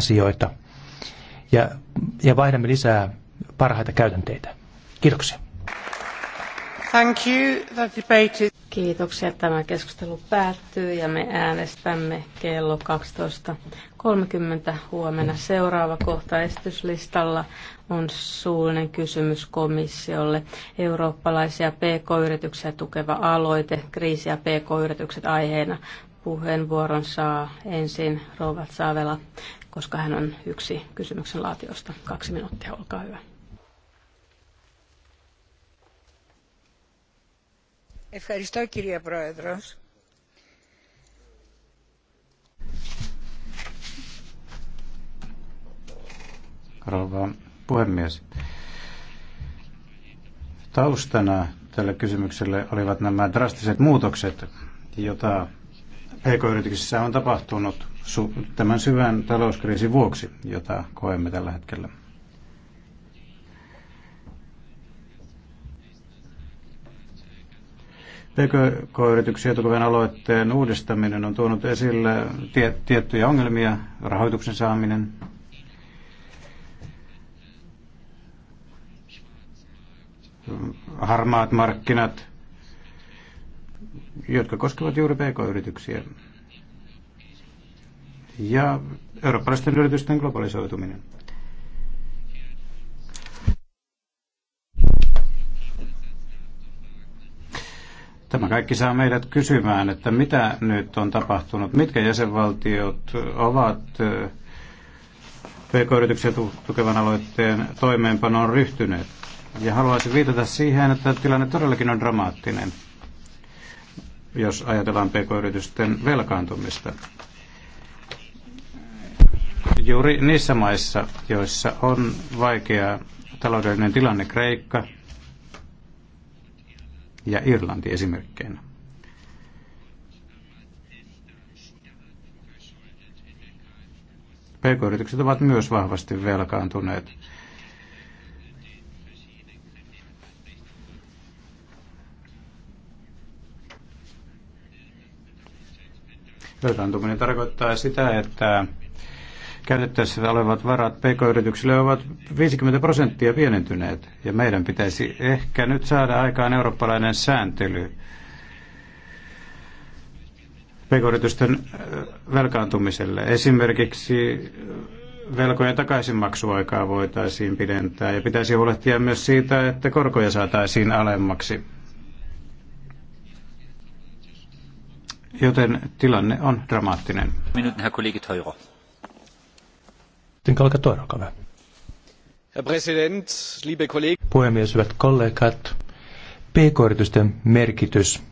asioita ja, ja vaihdamme lisää parhaita käytänteitä. Kiitoksia. Thank you. The debate is... Kiitoksia. Tämä keskustelu päättyy ja me äänestämme kello 12.30 huomenna. Seuraava kohta esityslistalla on suullinen kysymys komissiolle. Eurooppalaisia pk-yrityksiä tukeva aloite, kriisi- ja pk-yritykset aiheena. Puheenvuoron saa ensin Rovat Saavela koska hän on yksi kysymyksen laatiosta. Kaksi minuuttia, olkaa hyvä. Ευχαριστώ κυρία Πρόεδρος. Rouva puhemies. Taustana tälle kysymykselle olivat nämä drastiset muutokset, joita pk-yrityksissä on tapahtunut tämän syvän talouskriisin vuoksi, jota koemme tällä hetkellä. PK-yrityksiä tukevan aloitteen uudistaminen on tuonut esille tie- tiettyjä ongelmia, rahoituksen saaminen, harmaat markkinat, jotka koskevat juuri PK-yrityksiä ja eurooppalaisten yritysten globalisoituminen. Tämä kaikki saa meidät kysymään, että mitä nyt on tapahtunut, mitkä jäsenvaltiot ovat PK-yrityksen tukevan aloitteen toimeenpanoon ryhtyneet. Ja haluaisin viitata siihen, että tilanne todellakin on dramaattinen, jos ajatellaan PK-yritysten velkaantumista juuri niissä maissa, joissa on vaikea taloudellinen tilanne, Kreikka ja Irlanti esimerkkeinä. PK-yritykset ovat myös vahvasti velkaantuneet. Velkaantuminen tarkoittaa sitä, että käytettävissä olevat varat pk-yrityksille ovat 50 prosenttia pienentyneet. Ja meidän pitäisi ehkä nyt saada aikaan eurooppalainen sääntely pk-yritysten velkaantumiselle. Esimerkiksi velkojen takaisinmaksuaikaa voitaisiin pidentää ja pitäisi huolehtia myös siitä, että korkoja saataisiin alemmaksi. Joten tilanne on dramaattinen. Minuutin kollegit Teuro. Sitten kollega Toiro, Puhemies, hyvät kollegat. PK-yritysten merkitys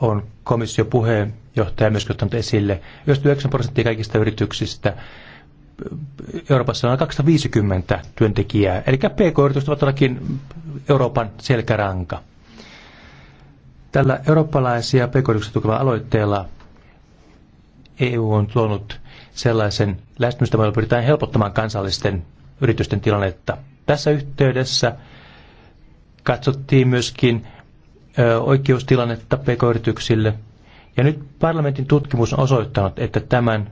on komission puheenjohtaja myös ottanut esille. 99 prosenttia kaikista yrityksistä Euroopassa on 250 työntekijää, eli PK-yritykset ovat todellakin Euroopan selkäranka. Tällä eurooppalaisia PK-yrityksiä tukevalla aloitteella EU on tuonut sellaisen lähestymistä, jolla pyritään helpottamaan kansallisten yritysten tilannetta. Tässä yhteydessä katsottiin myöskin oikeustilannetta pk-yrityksille. Ja nyt parlamentin tutkimus on osoittanut, että tämän,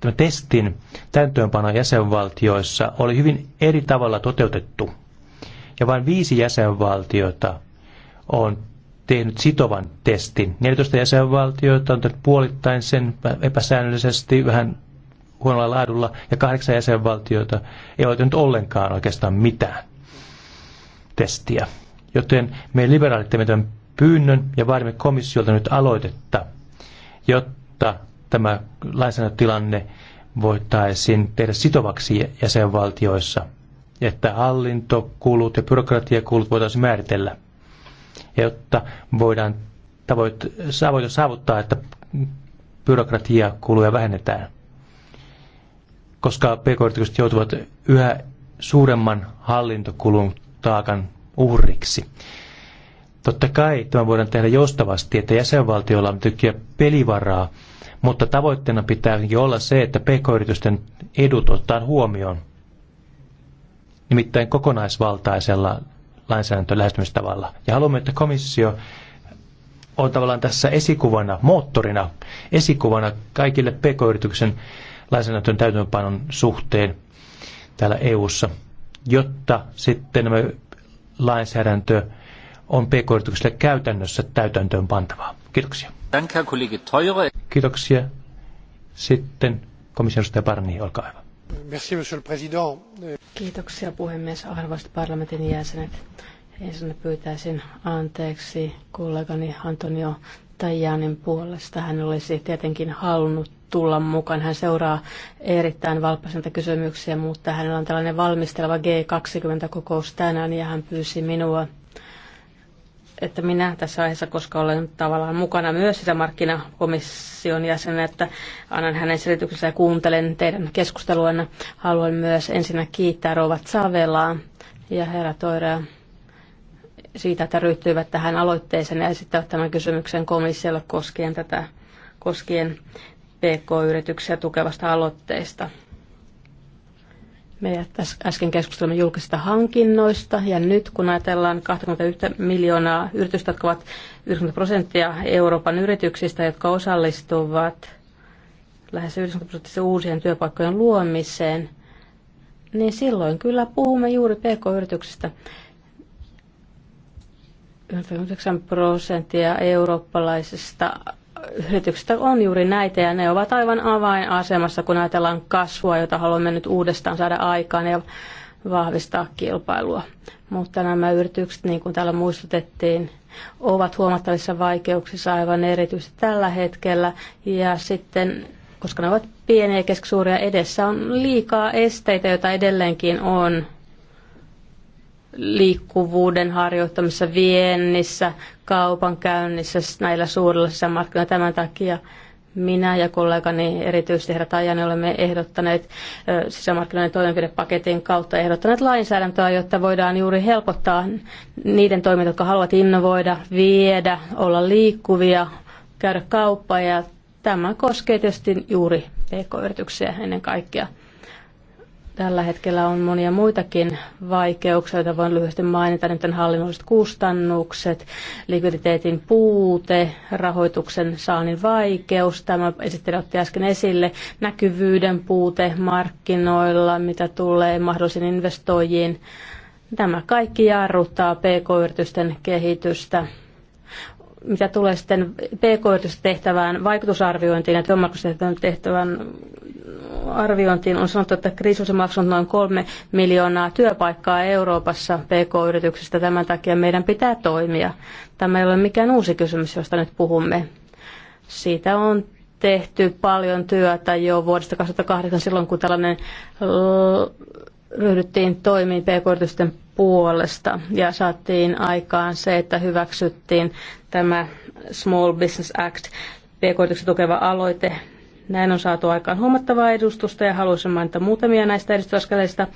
tämän testin täytäntöönpano jäsenvaltioissa oli hyvin eri tavalla toteutettu. Ja vain viisi jäsenvaltiota on tehnyt sitovan testin. 14 jäsenvaltiota on tehnyt puolittain sen epäsäännöllisesti, vähän huonolla laadulla ja kahdeksan jäsenvaltiota ei ole nyt ollenkaan oikeastaan mitään testiä. Joten me liberaalit teemme tämän pyynnön ja vaadimme komissiolta nyt aloitetta, jotta tämä lainsäädäntötilanne voitaisiin tehdä sitovaksi jäsenvaltioissa, että hallintokulut ja byrokratiakulut voitaisiin määritellä, ja jotta voidaan tavoit, saavuttaa, että byrokratiakuluja vähennetään koska pk joutuvat yhä suuremman hallintokulun taakan uhriksi. Totta kai tämä voidaan tehdä joustavasti, että jäsenvaltioilla on tykkiä pelivaraa, mutta tavoitteena pitää olla se, että pk-yritysten edut ottaa huomioon, nimittäin kokonaisvaltaisella lainsäädäntölähestymistavalla. Ja haluamme, että komissio on tavallaan tässä esikuvana, moottorina, esikuvana kaikille pk-yrityksen lainsäädäntöön täytäntöönpanon suhteen täällä EU:ssa, jotta sitten nämä lainsäädäntö on pk-yrityksille käytännössä täytäntöön pantavaa. Kiitoksia. Kiitoksia. Sitten komission edustaja Barni, olkaa hyvä. Merci, monsieur le président. Kiitoksia puhemies, arvoisat parlamentin jäsenet. Ensin pyytäisin anteeksi kollegani Antonio Tajanin puolesta. Hän olisi tietenkin halunnut tulla mukaan. Hän seuraa erittäin valppaasti kysymyksiä, mutta hänellä on tällainen valmisteleva G20-kokous tänään ja hän pyysi minua että minä tässä aiheessa, koska olen tavallaan mukana myös sitä markkinakomission jäsenä, että annan hänen selityksensä ja kuuntelen teidän keskusteluanne. Haluan myös ensinnä kiittää Rovat Savelaa ja herra Toirea siitä, että ryhtyivät tähän aloitteeseen ja esittävät tämän kysymyksen komissiolle koskien tätä koskien PK-yrityksiä tukevasta aloitteesta. Me tässä äsken keskustelimme julkisista hankinnoista ja nyt kun ajatellaan 21 miljoonaa yritystä, jotka ovat 90 prosenttia Euroopan yrityksistä, jotka osallistuvat lähes 90 prosenttia uusien työpaikkojen luomiseen, niin silloin kyllä puhumme juuri PK-yrityksistä. 99 prosenttia eurooppalaisista yrityksistä on juuri näitä ja ne ovat aivan avainasemassa, kun ajatellaan kasvua, jota haluamme nyt uudestaan saada aikaan ja vahvistaa kilpailua. Mutta nämä yritykset, niin kuin täällä muistutettiin, ovat huomattavissa vaikeuksissa aivan erityisesti tällä hetkellä. Ja sitten, koska ne ovat pieniä ja keskisuuria edessä, on liikaa esteitä, joita edelleenkin on liikkuvuuden harjoittamisessa, viennissä, kaupankäynnissä näillä suurilla sisämarkkinoilla. Tämän takia minä ja kollegani erityisesti herra Tajani olemme ehdottaneet sisämarkkinoiden toimenpidepaketin kautta ehdottaneet lainsäädäntöä, jotta voidaan juuri helpottaa niiden toimintaa, jotka haluavat innovoida, viedä, olla liikkuvia, käydä kauppaa ja tämä koskee tietysti juuri pk-yrityksiä ennen kaikkea. Tällä hetkellä on monia muitakin vaikeuksia, joita voin lyhyesti mainita. Nyt hallinnolliset kustannukset, likviditeetin puute, rahoituksen saannin vaikeus. Tämä esittely otti äsken esille. Näkyvyyden puute markkinoilla, mitä tulee mahdollisiin investoijiin. Tämä kaikki jarruttaa pk-yritysten kehitystä mitä tulee sitten pk tehtävään vaikutusarviointiin ja työmarkkinatehtävään arviointiin on sanottu, että kriisi olisi maksanut noin kolme miljoonaa työpaikkaa Euroopassa PK-yrityksistä. Tämän takia meidän pitää toimia. Tämä ei ole mikään uusi kysymys, josta nyt puhumme. Siitä on tehty paljon työtä jo vuodesta 2008 silloin, kun tällainen ryhdyttiin toimiin pk-yritysten puolesta ja saatiin aikaan se, että hyväksyttiin tämä Small Business Act, pk-yrityksen tukeva aloite, näin on saatu aikaan huomattavaa edustusta ja haluaisin mainita muutamia näistä edistysaskeleista.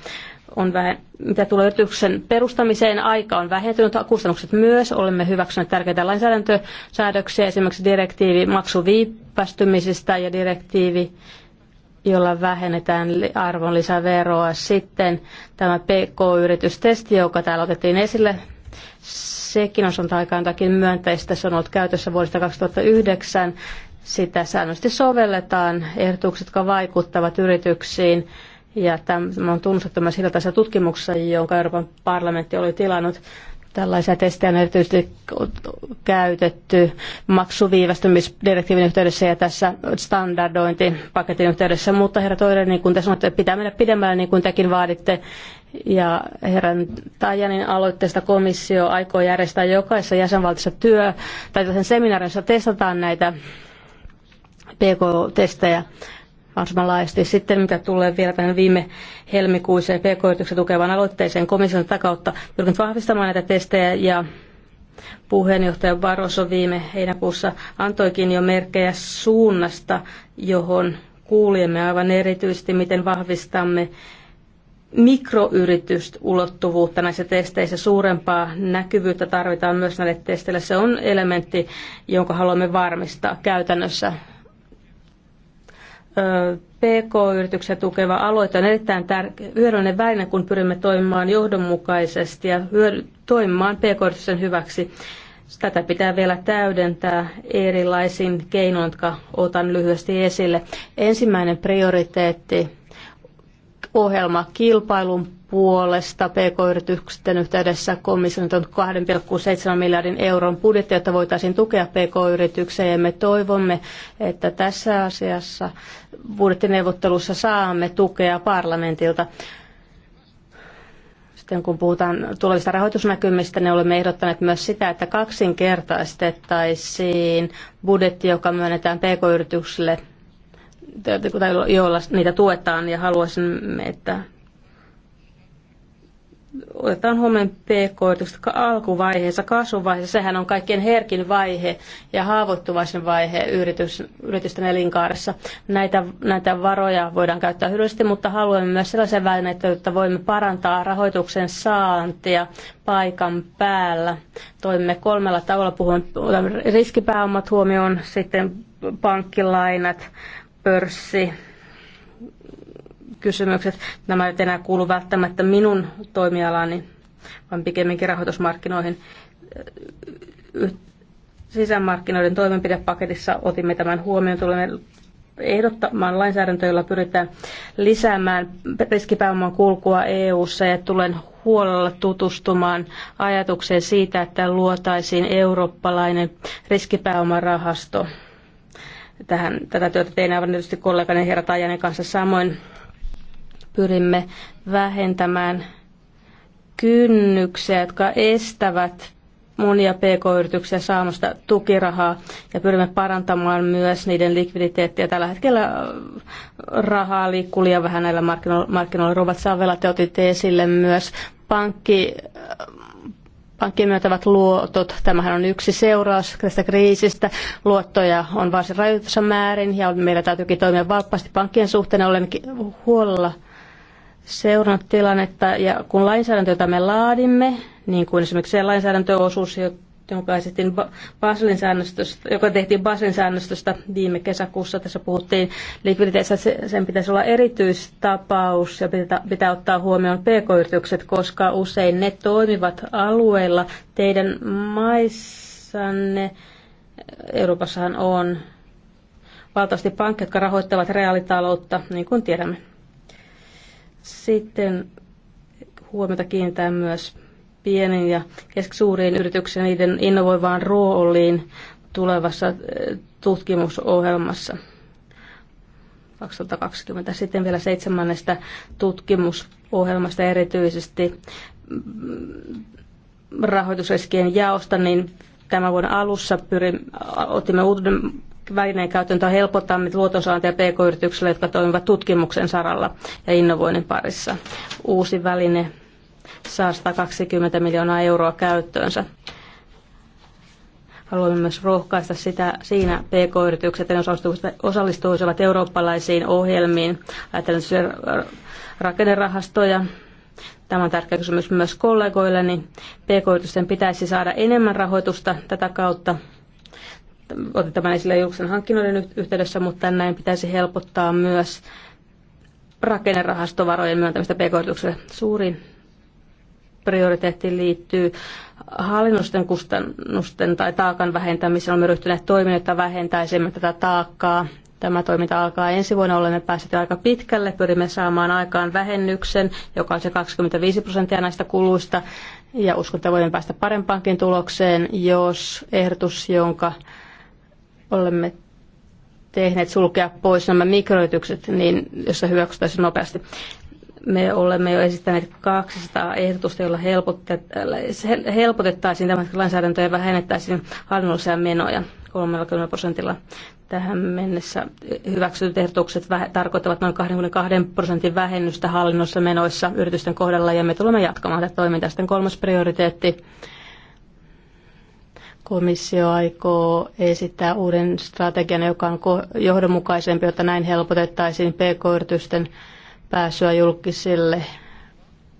On vähän, mitä tulee yrityksen perustamiseen, aika on vähentynyt, kustannukset myös. Olemme hyväksyneet tärkeitä lainsäädäntösäädöksiä, esimerkiksi direktiivi maksuviipästymisestä ja direktiivi jolla vähennetään arvonlisäveroa. Sitten tämä PK-yritystesti, joka täällä otettiin esille, sekin on saanut aikaan jotakin myönteistä. Se on ollut käytössä vuodesta 2009 sitä säännöllisesti sovelletaan, ehdotukset, jotka vaikuttavat yrityksiin. Ja tämä on tunnustettu myös sillä tässä tutkimuksessa, jonka Euroopan parlamentti oli tilannut. Tällaisia testejä on erityisesti käytetty maksuviivästymisdirektiivin yhteydessä ja tässä standardointipaketin yhteydessä. Mutta herra Toire, niin kuin te sanoitte, pitää mennä pidemmälle, niin kuin tekin vaaditte. Ja herran Tajanin aloitteesta komissio aikoo järjestää jokaisessa jäsenvaltiossa työ, tai sen seminaarissa testataan näitä PK-testejä mahdollisimman laajasti. Sitten mitä tulee vielä tähän viime helmikuiseen PK-yrityksen tukevaan aloitteeseen komission takautta, pyrkinyt vahvistamaan näitä testejä ja puheenjohtaja Barroso viime heinäkuussa antoikin jo merkkejä suunnasta, johon kuulimme aivan erityisesti, miten vahvistamme mikroyritysulottuvuutta näissä testeissä, suurempaa näkyvyyttä tarvitaan myös näille testeille. Se on elementti, jonka haluamme varmistaa käytännössä PK-yrityksiä tukeva aloite on erittäin tärkeä hyödyllinen väline, kun pyrimme toimimaan johdonmukaisesti ja hyödy- toimimaan PK-yritysten hyväksi. Tätä pitää vielä täydentää erilaisin keinoin, jotka otan lyhyesti esille. Ensimmäinen prioriteetti ohjelma kilpailun puolesta PK-yritysten yhteydessä komission on 2,7 miljardin euron budjetti, jotta voitaisiin tukea PK-yrityksiä ja me toivomme, että tässä asiassa budjettineuvottelussa saamme tukea parlamentilta. Sitten kun puhutaan tulevista rahoitusnäkymistä, niin olemme ehdottaneet myös sitä, että kaksinkertaistettaisiin budjetti, joka myönnetään pk-yrityksille, joilla niitä tuetaan, ja haluaisin, että otetaan huomioon pk-yritykset alkuvaiheessa, kasvuvaiheessa, sehän on kaikkein herkin vaihe ja haavoittuvaisen vaihe yritys, yritysten elinkaarissa. Näitä, näitä varoja voidaan käyttää hyödyllisesti, mutta haluamme myös sellaisen välineitä, että voimme parantaa rahoituksen saantia paikan päällä. Toimme kolmella tavalla, puhun riskipääomat huomioon, sitten pankkilainat, pörssi, kysymykset. Nämä eivät enää kuulu välttämättä minun toimialani, vaan pikemminkin rahoitusmarkkinoihin. Sisämarkkinoiden toimenpidepaketissa otimme tämän huomioon. Tulemme ehdottamaan lainsäädäntöä, jolla pyritään lisäämään riskipääoman kulkua EU-ssa ja tulen huolella tutustumaan ajatukseen siitä, että luotaisiin eurooppalainen riskipääomarahasto. Tähän, tätä työtä tein aivan tietysti kollegani herra Tajanen kanssa samoin pyrimme vähentämään kynnyksiä, jotka estävät monia pk-yrityksiä saamasta tukirahaa ja pyrimme parantamaan myös niiden likviditeettiä. Tällä hetkellä äh, rahaa liikkuu liian vähän näillä markkinoilla. markkinoilla. Ruvat Savela, te otitte esille myös pankki, äh, pankkien myötävät luotot. Tämähän on yksi seuraus tästä kriisistä. Luottoja on varsin rajoitussa määrin ja meillä täytyykin toimia valppaasti pankkien suhteen. Olen huolella seurannut tilannetta ja kun lainsäädäntö, jota me laadimme, niin kuin esimerkiksi se lainsäädäntöosuus, jonka esitin Baselin säännöstöstä, joka tehtiin Baselin säännöstöstä viime kesäkuussa. Tässä puhuttiin likviditeissä, sen pitäisi olla erityistapaus ja pitää, pitää ottaa huomioon pk-yritykset, koska usein ne toimivat alueilla teidän maissanne. Euroopassahan on valtavasti pankkeja, jotka rahoittavat reaalitaloutta, niin kuin tiedämme. Sitten huomiota kiinnittää myös pieniin ja keskisuuriin yrityksiin niiden innovoivaan rooliin tulevassa äh, tutkimusohjelmassa 2020. Sitten vielä seitsemännestä tutkimusohjelmasta erityisesti mm, rahoitusriskien jaosta, niin tämän vuoden alussa pyrin, otimme uuden välineen helpottaa helpotamme luotonsaantia pk-yrityksille, jotka toimivat tutkimuksen saralla ja innovoinnin parissa. Uusi väline saa 120 miljoonaa euroa käyttöönsä. Haluamme myös rohkaista sitä siinä pk-yritykset ne osallistuisivat eurooppalaisiin ohjelmiin, Ajattelen siis rakennerahastoja, Tämä on tärkeä kysymys myös kollegoilleni. Niin PK-yritysten pitäisi saada enemmän rahoitusta tätä kautta otin tämän esille julkisen hankkinoiden yhteydessä, mutta näin pitäisi helpottaa myös rakennerahastovarojen myöntämistä pk Suurin prioriteetti liittyy hallinnosten kustannusten tai taakan vähentämiseen. Olemme ryhtyneet toimiin, että vähentäisimme tätä taakkaa. Tämä toiminta alkaa ensi vuonna, olemme päässeet aika pitkälle. Pyrimme saamaan aikaan vähennyksen, joka on se 25 prosenttia näistä kuluista. Ja uskon, että voimme päästä parempaankin tulokseen, jos ehdotus, jonka olemme tehneet sulkea pois nämä mikroitykset, niin, jossa hyväksyttäisiin nopeasti. Me olemme jo esittäneet 200 ehdotusta, joilla helpotettaisiin tämän lainsäädäntöä ja vähennettäisiin hallinnollisia menoja 30 prosentilla. Tähän mennessä hyväksytyt ehdotukset tarkoittavat noin 22 prosentin vähennystä hallinnossa menoissa yritysten kohdalla ja me tulemme jatkamaan tätä toimintaa. Sitten kolmas prioriteetti komissio aikoo esittää uuden strategian, joka on johdonmukaisempi, jotta näin helpotettaisiin pk-yritysten pääsyä julkisille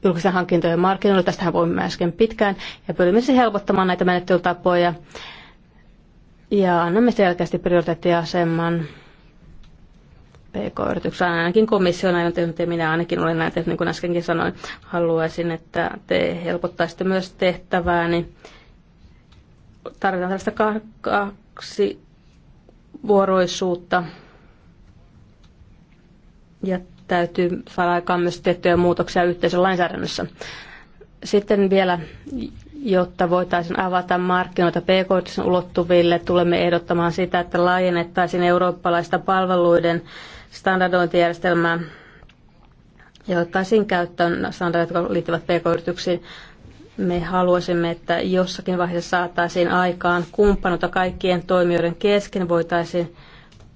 julkisten hankintojen markkinoille. Tästähän voimme äsken pitkään. Ja pyrimme siis helpottamaan näitä menettelytapoja. Ja annamme selkeästi prioriteettiaseman PK-yrityksellä, ainakin komission aina tehnyt, ja minä ainakin olen näin tehnyt, niin kuin äskenkin sanoin, haluaisin, että te helpottaisitte myös tehtävääni. Niin tarvitaan tällaista kaksi vuoroisuutta ja täytyy saada aikaan myös tiettyjä muutoksia yhteisön lainsäädännössä. Sitten vielä, jotta voitaisiin avata markkinoita pk ulottuville, tulemme ehdottamaan sitä, että laajennettaisiin eurooppalaista palveluiden standardointijärjestelmää ja ottaisiin käyttöön standardit, jotka liittyvät pk-yrityksiin. Me haluaisimme, että jossakin vaiheessa saataisiin aikaan kumppanuutta kaikkien toimijoiden kesken, voitaisiin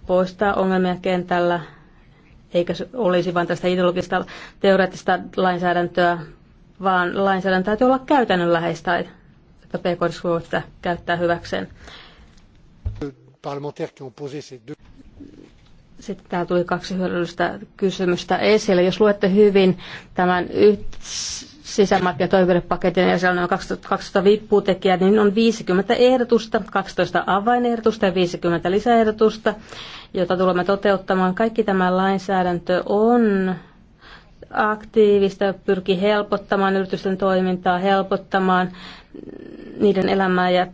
poistaa ongelmia kentällä, eikä olisi vain tästä ideologista teoreettista lainsäädäntöä, vaan lainsäädäntö täytyy olla käytännönläheistä, että pk voi sitä käyttää hyväkseen. Sitten täällä tuli kaksi hyödyllistä kysymystä esille. Jos luette hyvin tämän yhdessä sisämarkkinatoimenpidepaketin ja siellä on 200 vippuutekijää, niin on 50 ehdotusta, 12 avainehdotusta ja 50 lisäehdotusta, jota tulemme toteuttamaan. Kaikki tämä lainsäädäntö on aktiivista pyrkii helpottamaan yritysten toimintaa, helpottamaan niiden elämää ja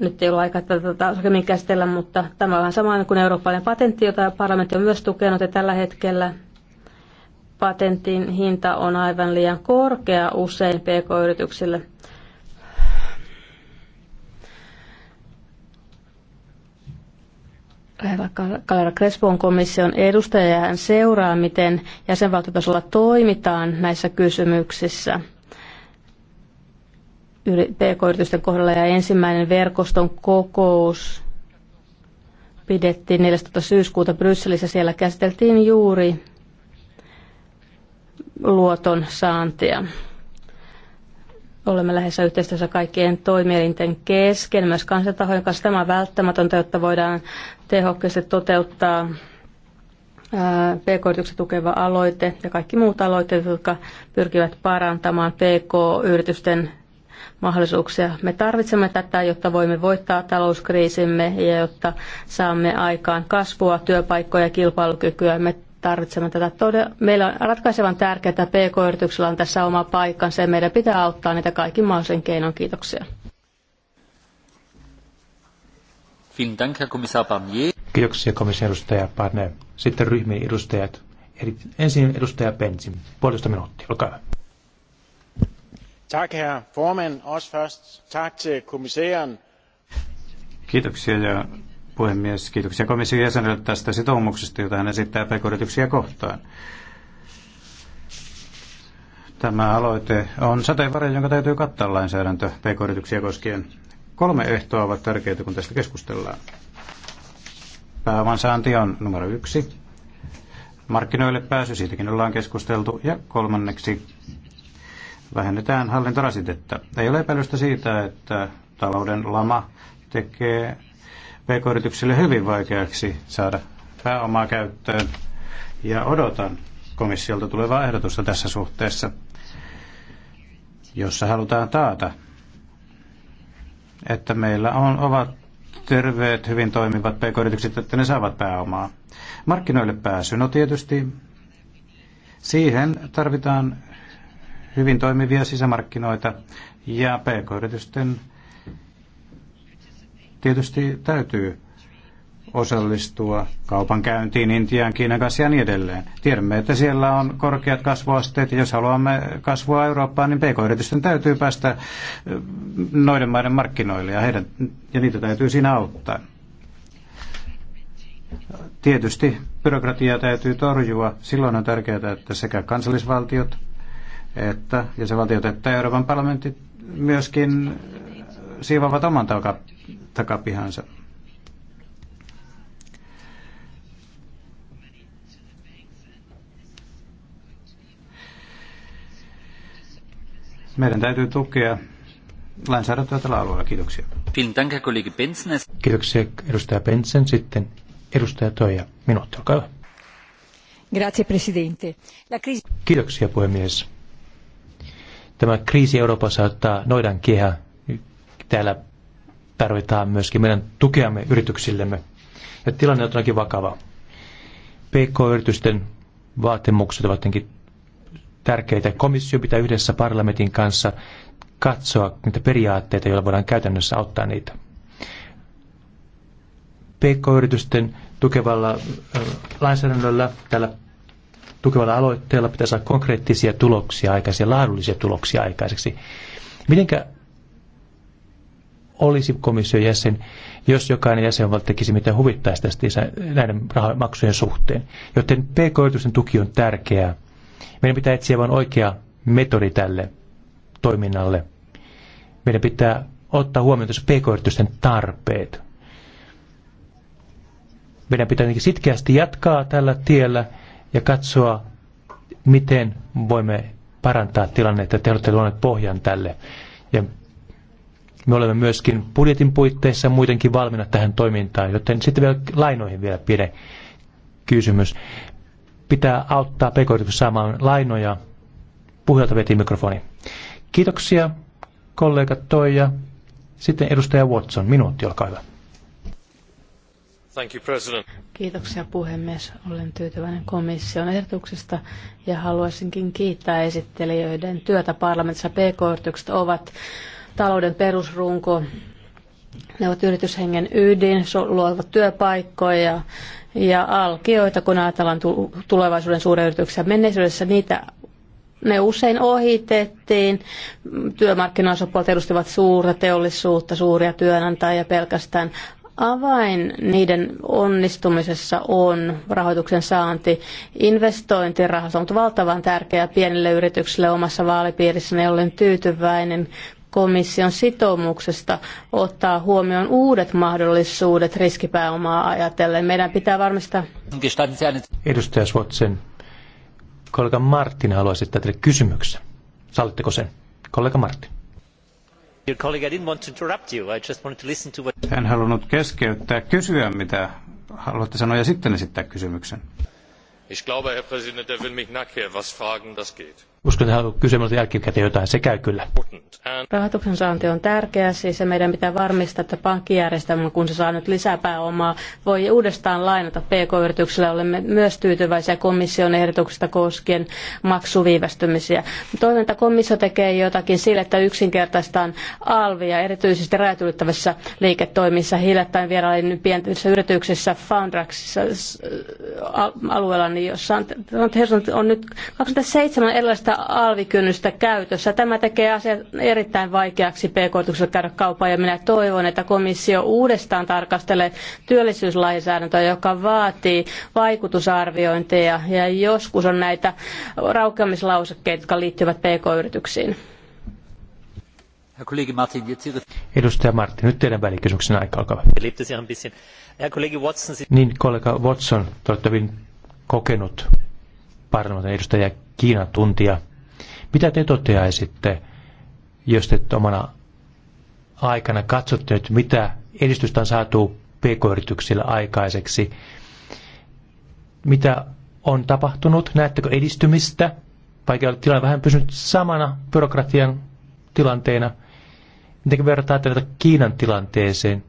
nyt ei ole aikaa tätä oikein käsitellä, mutta tämä on sama kuin eurooppalainen patentti, jota parlamentti on myös tukenut ja tällä hetkellä patentin hinta on aivan liian korkea usein pk-yrityksille. Kalera Crespo on komission edustaja ja hän seuraa, miten jäsenvaltiotasolla toimitaan näissä kysymyksissä pk-yritysten kohdalla. Ja ensimmäinen verkoston kokous pidettiin 14. syyskuuta Brysselissä. Siellä käsiteltiin juuri luoton saantia. Olemme lähes yhteistyössä kaikkien toimielinten kesken, myös kansantahojen kanssa. Tämä on välttämätöntä, jotta voidaan tehokkaasti toteuttaa PK-yrityksen tukeva aloite ja kaikki muut aloitteet, jotka pyrkivät parantamaan PK-yritysten mahdollisuuksia. Me tarvitsemme tätä, jotta voimme voittaa talouskriisimme ja jotta saamme aikaan kasvua, työpaikkoja ja kilpailukykyä. Me tarvitsemme tätä. meillä on ratkaisevan tärkeää, että PK-yrityksillä on tässä oma paikkansa ja meidän pitää auttaa niitä kaikin mahdollisen keinon. Kiitoksia. Kiitoksia komission edustaja Parne. Sitten ryhmien edustajat. Ensin edustaja Bensin. Puolitoista minuuttia. Olkaa hyvä. Tak, herr Forman. Også først tak Kiitoksia ja puhemies. Kiitoksia komission jäsenelle tästä sitoumuksesta, jota hän esittää pk kohtaan. Tämä aloite on sateenvarjo, jonka täytyy kattaa lainsäädäntö pk koskien. Kolme ehtoa ovat tärkeitä, kun tästä keskustellaan. Pääoman saanti on numero yksi. Markkinoille pääsy, siitäkin ollaan keskusteltu. Ja kolmanneksi vähennetään hallintorasitetta. Ei ole epäilystä siitä, että talouden lama tekee pk-yrityksille hyvin vaikeaksi saada pääomaa käyttöön ja odotan komissiolta tulevaa ehdotusta tässä suhteessa, jossa halutaan taata, että meillä on, ovat terveet, hyvin toimivat pk-yritykset, että ne saavat pääomaa. Markkinoille pääsy, no tietysti siihen tarvitaan hyvin toimivia sisämarkkinoita ja pk-yritysten tietysti täytyy osallistua kaupankäyntiin Intiaan, Kiinan kanssa ja niin edelleen. Tiedämme, että siellä on korkeat kasvuasteet ja jos haluamme kasvua Eurooppaan, niin pk-yritysten täytyy päästä noiden maiden markkinoille ja, heidän, ja niitä täytyy siinä auttaa. Tietysti byrokratiaa täytyy torjua. Silloin on tärkeää, että sekä kansallisvaltiot että jäsenvaltiot että Euroopan parlamentti myöskin siivoavat oman takapihansa. Meidän täytyy tukea lainsäädäntöä tällä alueella. Kiitoksia. Kiitoksia edustaja Benson. Sitten edustaja Toija. Minuutti, olkaa hyvä. Grazie, presidente. La crisi... Kiitoksia puhemies. Tämä kriisi Euroopassa ottaa noidan kehä. Täällä tarvitaan myöskin meidän tukeamme yrityksillemme. Ja tilanne on todellakin vakava. PK-yritysten vaatimukset ovat jotenkin tärkeitä. Komissio pitää yhdessä parlamentin kanssa katsoa niitä periaatteita, joilla voidaan käytännössä auttaa niitä. PK-yritysten tukevalla lainsäädännöllä, tällä tukevalla aloitteella pitää saada konkreettisia tuloksia aikaisia, laadullisia tuloksia aikaiseksi. Mitenkä olisi komission jäsen, jos jokainen jäsenvaltio tekisi mitä huvittaisi tästä näiden rahamaksujen suhteen. Joten pk-yritysten tuki on tärkeää. Meidän pitää etsiä vain oikea metodi tälle toiminnalle. Meidän pitää ottaa huomioon tässä pk-yritysten tarpeet. Meidän pitää sitkeästi jatkaa tällä tiellä ja katsoa, miten voimme parantaa tilannetta. Te olette luoneet pohjan tälle. Ja me olemme myöskin budjetin puitteissa muutenkin valmiina tähän toimintaan, joten sitten vielä lainoihin vielä pieni kysymys. Pitää auttaa pk saamaan lainoja. Puhelta veti mikrofoni. Kiitoksia kollega Toija. Sitten edustaja Watson, minuutti, olkaa hyvä. Thank you, President. Kiitoksia puhemies. Olen tyytyväinen komission ehdotuksesta ja haluaisinkin kiittää esittelijöiden työtä parlamentissa. PK-yritykset ovat talouden perusrunko. Ne ovat yrityshengen ydin, luovat työpaikkoja ja alkioita, kun ajatellaan tulevaisuuden yrityksiä. Menneisyydessä niitä ne usein ohitettiin. Työmarkkinaosapuolet edustivat suurta teollisuutta, suuria työnantajia pelkästään. Avain niiden onnistumisessa on rahoituksen saanti. Investointirahasto on valtavan tärkeä pienille yrityksille omassa vaalipiirissäni. Olen tyytyväinen, komission sitoumuksesta ottaa huomioon uudet mahdollisuudet riskipääomaa ajatellen. Meidän pitää varmistaa. Edustaja Swatsen, kollega Martin haluaisi esittää teille kysymyksen. Sallitteko sen? Kollega Martin. En halunnut keskeyttää kysyä, mitä haluatte sanoa, ja sitten esittää kysymyksen. Ich glaube, Herr Präsident, er will mich nachher was fragen, das geht. Uskon, että kysymys jälkikäteen jotain, se käy kyllä. Rahoituksen saanti on tärkeä, siis meidän pitää varmistaa, että pankkijärjestelmä, kun se saa nyt lisää pääomaa, voi uudestaan lainata PK-yrityksille. Olemme myös tyytyväisiä komission ehdotuksesta koskien maksuviivästymisiä. Toivon, että komissio tekee jotakin sille, että yksinkertaistaan alvia, erityisesti rajatulittavissa liiketoimissa. Hiljattain vierailin pienissä yrityksissä Foundraxissa alueella, niin jossa on nyt 27 erilaista alvikynnystä käytössä. Tämä tekee asian erittäin vaikeaksi pk käydä kauppaa ja minä toivon, että komissio uudestaan tarkastelee työllisyyslainsäädäntöä, joka vaatii vaikutusarviointeja ja joskus on näitä raukeamislausekkeita, jotka liittyvät pk-yrityksiin. Edustaja Martin, nyt teidän välikysymyksen aika alkaa. Niin, kollega Watson, te olette hyvin kokenut parlamentin edustaja Kiinan tuntia. Mitä te toteaisitte, jos te omana aikana katsotte, että mitä edistystä on saatu pk-yrityksillä aikaiseksi? Mitä on tapahtunut? Näettekö edistymistä? Vaikka tilanne vähän pysynyt samana byrokratian tilanteena. Miten verrataan tätä Kiinan tilanteeseen,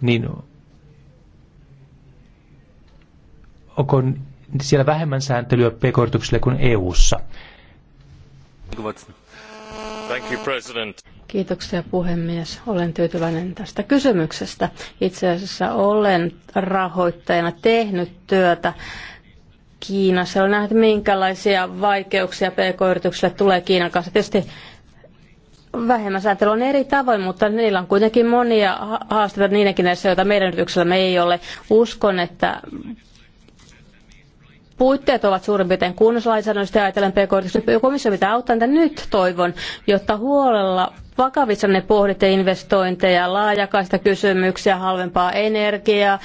niin onko siellä vähemmän sääntelyä pk kuin EU-ssa. Kiitoksia puhemies. Olen tyytyväinen tästä kysymyksestä. Itse asiassa olen rahoittajana tehnyt työtä Kiinassa. Olen nähnyt, minkälaisia vaikeuksia pk-yrityksille tulee Kiinan kanssa. Tietysti vähemmän sääntely on eri tavoin, mutta niillä on kuitenkin monia haasteita niidenkin näissä, joita meidän yrityksellämme ei ole. Uskon, että puitteet ovat suurin piirtein kunnossa lainsäädännöstä ajatellen pk komissio pitää auttaa niitä nyt toivon, jotta huolella vakavissanne pohditte investointeja, laajakaista kysymyksiä, halvempaa energiaa,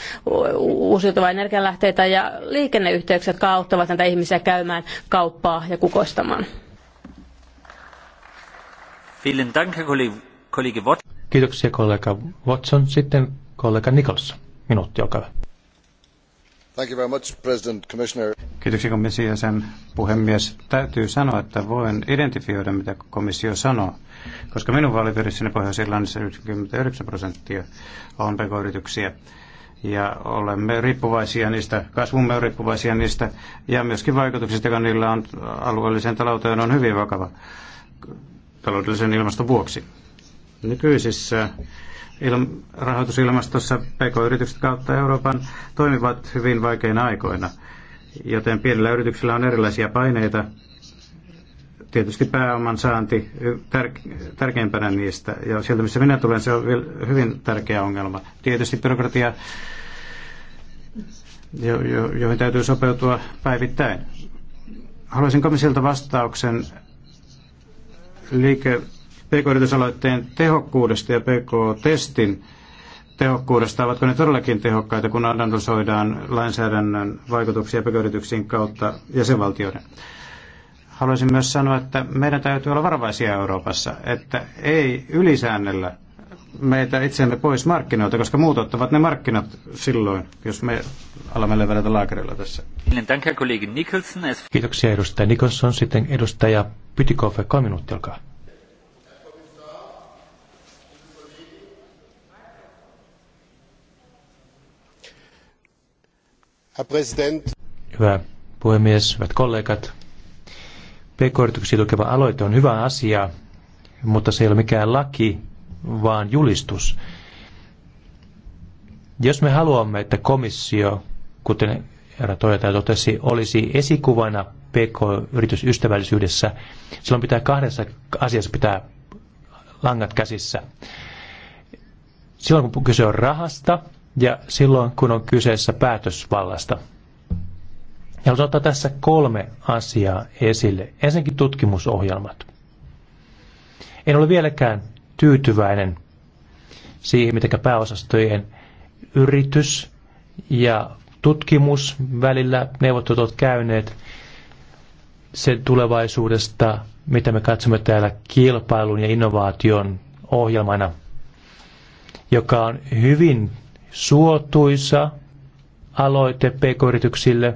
uusiutuvaa energialähteitä ja liikenneyhteyksiä, jotka auttavat näitä ihmisiä käymään kauppaa ja kukoistamaan. Kiitoksia kollega Watson. Sitten kollega Nicholson. Minuutti, olkaa hyvä. Kiitoksia komission sen puhemies. Täytyy sanoa, että voin identifioida, mitä komissio sanoo, koska minun vaalipiirissäni Pohjois-Irlannissa 99 prosenttia on pk-yrityksiä ja olemme riippuvaisia niistä, kasvumme on riippuvaisia niistä ja myöskin vaikutuksista, joka niillä on alueelliseen talouteen, on hyvin vakava taloudellisen ilmaston vuoksi. Nykyisissä rahoitusilmastossa PK-yritykset kautta Euroopan toimivat hyvin vaikeina aikoina, joten pienillä yrityksillä on erilaisia paineita. Tietysti pääoman saanti tär- tärkeimpänä niistä, ja sieltä missä minä tulen, se on hyvin tärkeä ongelma. Tietysti byrokratia, jo- jo- joihin täytyy sopeutua päivittäin. Haluaisin komissiolta vastauksen liike pk-yritysaloitteen tehokkuudesta ja pk-testin tehokkuudesta, ovatko ne todellakin tehokkaita, kun analysoidaan lainsäädännön vaikutuksia pk kautta jäsenvaltioiden. Haluaisin myös sanoa, että meidän täytyy olla varovaisia Euroopassa, että ei ylisäännellä meitä itseämme pois markkinoilta, koska muut ottavat ne markkinat silloin, jos me alamme levätä laakerilla tässä. Kiitoksia edustaja Nicholson. Sitten edustaja Pytikoffe, kolme minuuttia, olkaa. Hyvä puhemies, hyvät kollegat. PK-yrityksiä tukeva aloite on hyvä asia, mutta se ei ole mikään laki, vaan julistus. Jos me haluamme, että komissio, kuten herra Toijata totesi, olisi esikuvana PK-yritysystävällisyydessä, silloin pitää kahdessa asiassa pitää langat käsissä. Silloin kun kyse on rahasta, ja silloin kun on kyseessä päätösvallasta. Ja haluan ottaa tässä kolme asiaa esille. Ensinnäkin tutkimusohjelmat. En ole vieläkään tyytyväinen siihen, miten pääosastojen yritys ja tutkimus välillä neuvottelut ovat käyneet sen tulevaisuudesta, mitä me katsomme täällä kilpailun ja innovaation ohjelmana, joka on hyvin suotuisa aloite pk-yrityksille,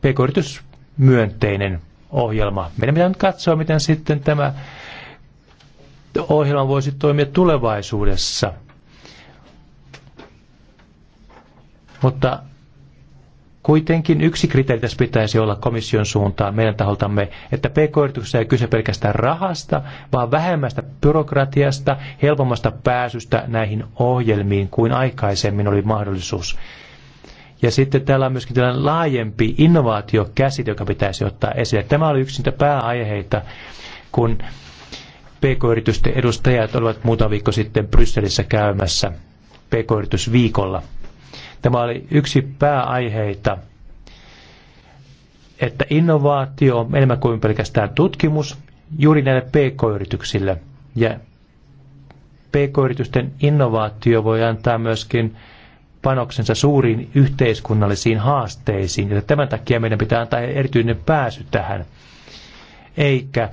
pk-yritysmyönteinen ohjelma. Meidän pitää nyt katsoa, miten sitten tämä ohjelma voisi toimia tulevaisuudessa. Mutta Kuitenkin yksi kriteeri tässä pitäisi olla komission suuntaan meidän taholtamme, että pk-yrityksessä ei kyse pelkästään rahasta, vaan vähemmästä byrokratiasta, helpommasta pääsystä näihin ohjelmiin kuin aikaisemmin oli mahdollisuus. Ja sitten täällä on myöskin tällainen laajempi innovaatiokäsite, joka pitäisi ottaa esille. Tämä oli yksi niitä pääaiheita, kun PK-yritysten edustajat olivat muutama viikko sitten Brysselissä käymässä PK-yritysviikolla – Tämä oli yksi pääaiheita, että innovaatio on enemmän kuin pelkästään tutkimus juuri näille pk-yrityksille. Ja pk-yritysten innovaatio voi antaa myöskin panoksensa suuriin yhteiskunnallisiin haasteisiin. Ja tämän takia meidän pitää antaa erityinen pääsy tähän, eikä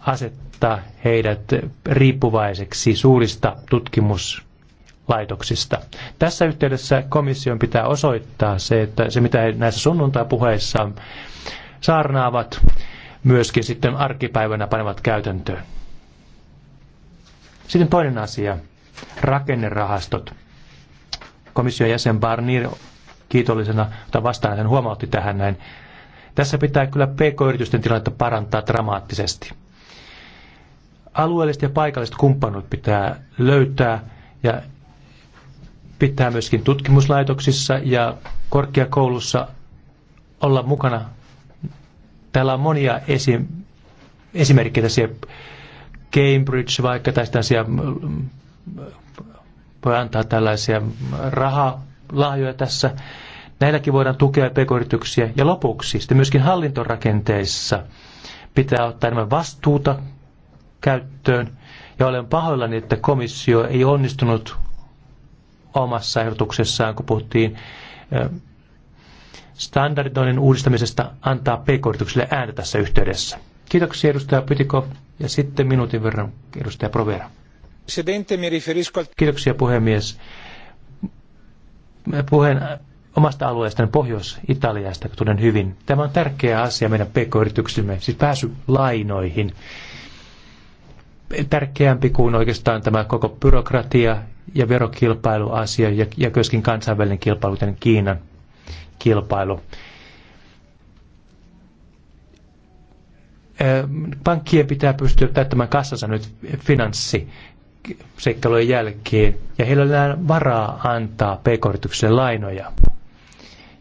asettaa heidät riippuvaiseksi suurista tutkimus- laitoksista. Tässä yhteydessä komission pitää osoittaa se, että se mitä he näissä sunnuntai saarnaavat, myöskin sitten arkipäivänä panevat käytäntöön. Sitten toinen asia, rakennerahastot. Komission jäsen Barnier kiitollisena tai vastaan hän huomautti tähän näin. Tässä pitää kyllä pk-yritysten tilannetta parantaa dramaattisesti. Alueelliset ja paikalliset kumppanut pitää löytää ja pitää myöskin tutkimuslaitoksissa ja korkeakoulussa olla mukana. Täällä on monia esi- esimerkkejä tässä Cambridge vaikka, tai tällaisia, mm, voi antaa tällaisia rahalahjoja tässä. Näilläkin voidaan tukea pk-yrityksiä. Ja lopuksi sitten myöskin hallintorakenteissa pitää ottaa enemmän vastuuta käyttöön. Ja olen pahoillani, että komissio ei onnistunut omassa ehdotuksessaan, kun puhuttiin standardoinnin uudistamisesta, antaa pk-yrityksille ääntä tässä yhteydessä. Kiitoksia edustaja Pytiko ja sitten minuutin verran edustaja Provera. Kiitoksia puhemies. Puheen äh, omasta alueestani Pohjois-Italiasta, kun tunnen hyvin. Tämä on tärkeä asia meidän pk-yrityksillemme, siis pääsy lainoihin. Tärkeämpi kuin oikeastaan tämä koko byrokratia ja verokilpailuasia ja, ja myöskin kansainvälinen kilpailu, kuten Kiinan kilpailu. Pankkien pitää pystyä täyttämään kassansa nyt finanssi seikkailujen jälkeen, ja heillä on varaa antaa pk lainoja,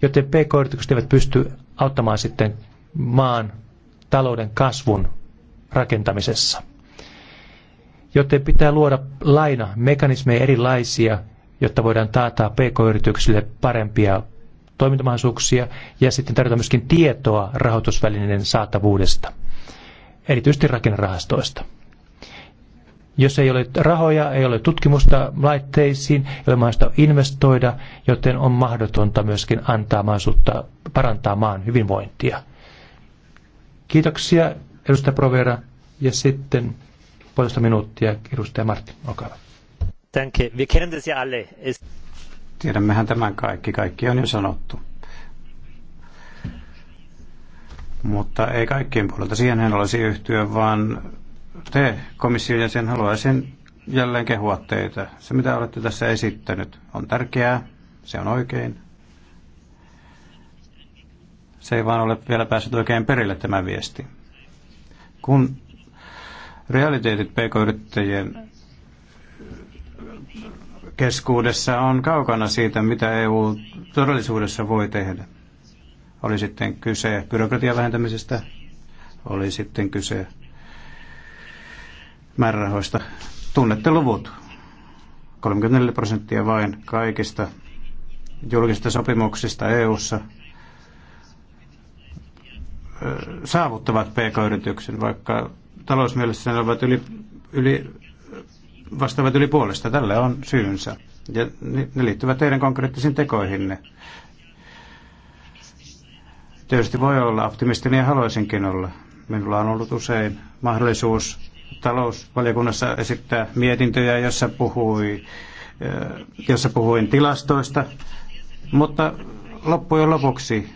joten pk-yritykset eivät pysty auttamaan sitten maan talouden kasvun rakentamisessa joten pitää luoda laina mekanismeja erilaisia, jotta voidaan taata pk-yrityksille parempia toimintamahdollisuuksia ja sitten tarjota myöskin tietoa rahoitusvälineiden saatavuudesta, erityisesti rakennerahastoista. Jos ei ole rahoja, ei ole tutkimusta laitteisiin, ei ole mahdollista investoida, joten on mahdotonta myöskin antaa mahdollisuutta parantaa maan hyvinvointia. Kiitoksia, edustaja Provera. Ja sitten puolitoista minuuttia. Edustaja Martti, olkaa hyvä. Danke. Wir kennen das ja alle. Es... Tiedämmehän tämän kaikki. Kaikki on jo sanottu. Mutta ei kaikkien puolelta. Siihen en olisi yhtyä, vaan te komission jäsen haluaisin jälleen kehua teitä. Se, mitä olette tässä esittänyt, on tärkeää. Se on oikein. Se ei vaan ole vielä päässyt oikein perille tämä viesti. Kun realiteetit pk-yrittäjien keskuudessa on kaukana siitä, mitä EU todellisuudessa voi tehdä. Oli sitten kyse byrokratian vähentämisestä, oli sitten kyse määrärahoista. Tunnette luvut. 34 prosenttia vain kaikista julkisista sopimuksista EU:ssa saavuttavat pk-yrityksen, vaikka talousmielessä ne ovat yli, yli, vastaavat yli puolesta. Tällä on syynsä. Ja ne liittyvät teidän konkreettisiin tekoihinne. Tietysti voi olla optimistinen ja haluaisinkin olla. Minulla on ollut usein mahdollisuus talousvaliokunnassa esittää mietintöjä, jossa, puhui, eh, jossa puhuin tilastoista, mutta loppujen lopuksi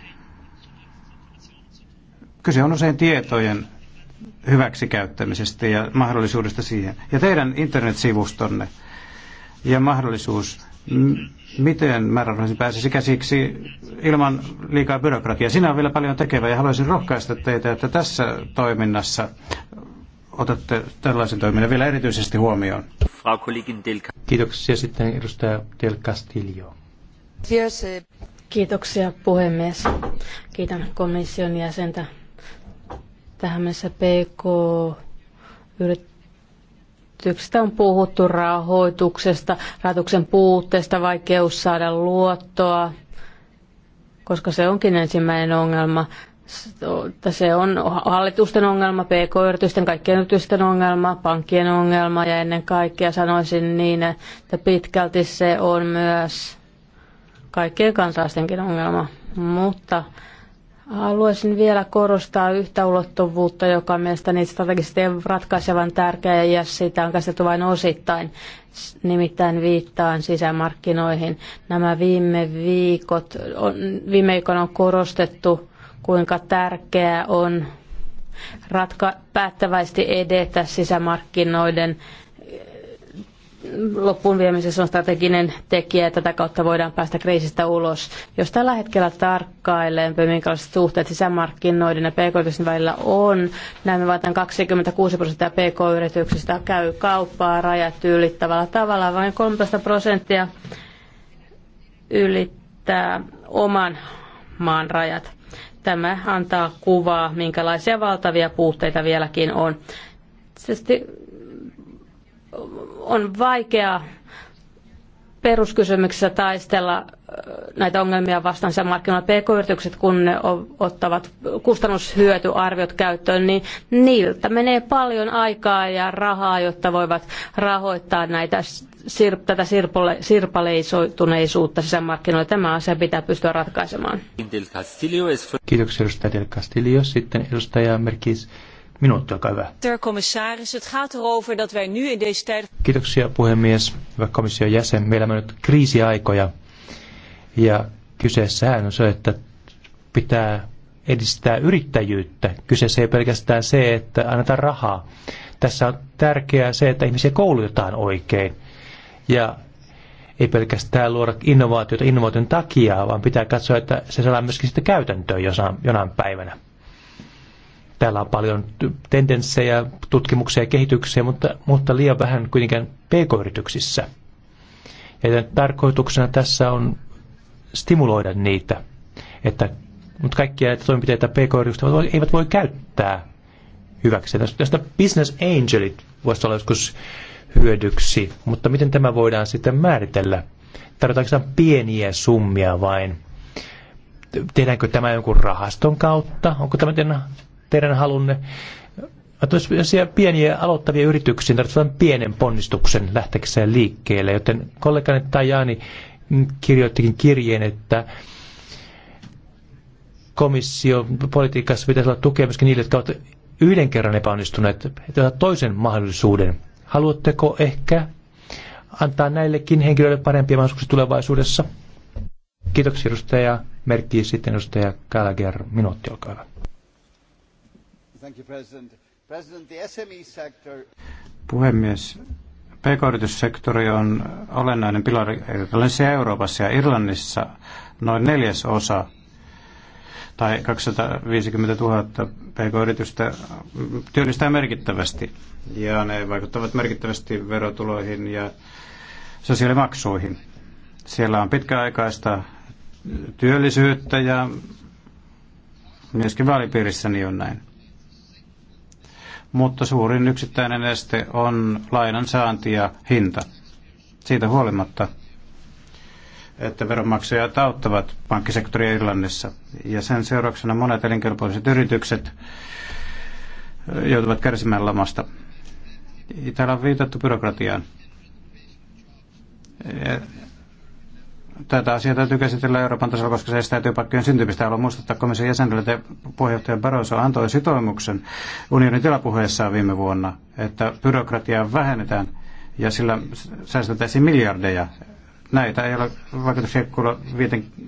kyse on usein tietojen hyväksikäyttämisestä ja mahdollisuudesta siihen. Ja teidän internetsivustonne ja mahdollisuus, miten määrärahoihin pääsisi käsiksi ilman liikaa byrokratiaa. sinä on vielä paljon tekevää ja haluaisin rohkaista teitä, että tässä toiminnassa otatte tällaisen toiminnan vielä erityisesti huomioon. Kiitoksia sitten edustaja Del Castillo. Kiitoksia puhemies. Kiitän komission jäsentä Tähän mennessä PK-yrityksistä on puhuttu rahoituksesta, rahoituksen puutteesta, vaikeus saada luottoa, koska se onkin ensimmäinen ongelma. Se on hallitusten ongelma, pk-yritysten, kaikkien yritysten ongelma, pankkien ongelma ja ennen kaikkea sanoisin niin, että pitkälti se on myös kaikkien kansalaistenkin ongelma. Mutta Haluaisin vielä korostaa yhtä ulottuvuutta, joka on mielestäni strategisesti ratkaisevan tärkeä ja sitä on käsitelty vain osittain. Nimittäin viittaan sisämarkkinoihin. Nämä viime viikot, on, viime viikon on korostettu, kuinka tärkeää on ratka- päättäväisesti edetä sisämarkkinoiden loppuun viemisessä on strateginen tekijä ja tätä kautta voidaan päästä kriisistä ulos. Jos tällä hetkellä tarkkailemme, minkälaiset suhteet sisämarkkinoiden ja pk-yritysten välillä on, näemme vain 26 prosenttia pk-yrityksistä käy kauppaa rajat ylittävällä tavalla, vain 13 prosenttia ylittää oman maan rajat. Tämä antaa kuvaa, minkälaisia valtavia puutteita vieläkin on. Tietysti on vaikea peruskysymyksessä taistella näitä ongelmia vastaan se markkinoilla pk-yritykset, kun ne ottavat kustannushyötyarviot käyttöön, niin niiltä menee paljon aikaa ja rahaa, jotta voivat rahoittaa näitä, sir, tätä sirpaleisoituneisuutta sisämarkkinoilla. Tämä asia pitää pystyä ratkaisemaan. Kiitoksia edustaja Del Castillo. Sitten edustaja Merkis Minuutti, olkaa hyvä. Commissaris, het gaat erover dat wij nu in deze tijd... Kiitoksia puhemies, hyvä komission jäsen. Meillä on nyt kriisiaikoja ja kyseessähän on se, että pitää edistää yrittäjyyttä. Kyseessä ei pelkästään se, että annetaan rahaa. Tässä on tärkeää se, että ihmisiä koulutetaan oikein. Ja ei pelkästään luoda innovaatiota innovaation takia, vaan pitää katsoa, että se saadaan myöskin sitä käytäntöön jonain päivänä. Täällä on paljon tendenssejä, tutkimuksia ja kehityksiä, mutta, mutta liian vähän kuitenkin pk-yrityksissä. Ja tarkoituksena tässä on stimuloida niitä, että, mutta kaikkia näitä toimenpiteitä pk-yritykset eivät voi käyttää hyväksi. Tästä business angelit voisi olla joskus hyödyksi, mutta miten tämä voidaan sitten määritellä? Tarvitaanko pieniä summia vain? Tehdäänkö tämä jonkun rahaston kautta? Onko tämä teidän teidän halunne. Siellä pieniä aloittavia yrityksiä tarvitsevan pienen ponnistuksen lähtekseen liikkeelle, joten kollegani Tajani kirjoittikin kirjeen, että komission politiikassa pitäisi olla tukea myöskin niille, jotka ovat yhden kerran epäonnistuneet, että toisen mahdollisuuden. Haluatteko ehkä antaa näillekin henkilöille parempia mahdollisuuksia tulevaisuudessa? Kiitoksia edustaja Merkki, sitten edustaja Gallagher, minuutti olkaa hyvä. E Puhemies, PK-yrityssektori on olennainen pilari länsi Euroopassa ja Irlannissa noin neljäsosa tai 250 000 pk-yritystä työllistää merkittävästi ja ne vaikuttavat merkittävästi verotuloihin ja sosiaalimaksuihin. Siellä on pitkäaikaista työllisyyttä ja myöskin vaalipiirissäni on näin mutta suurin yksittäinen este on lainan saanti ja hinta. Siitä huolimatta, että veronmaksajat auttavat pankkisektoria Irlannissa. Ja sen seurauksena monet elinkelpoiset yritykset joutuvat kärsimään lamasta. Täällä on viitattu byrokratiaan tätä asiaa täytyy käsitellä Euroopan tasolla, koska se estää työpaikkojen syntymistä. Haluan muistuttaa komission jäsenelle, että puheenjohtaja Barroso antoi sitoimuksen unionin tilapuheessaan viime vuonna, että byrokratiaa vähennetään ja sillä säästettäisiin miljardeja. Näitä ei ole vaikutuksia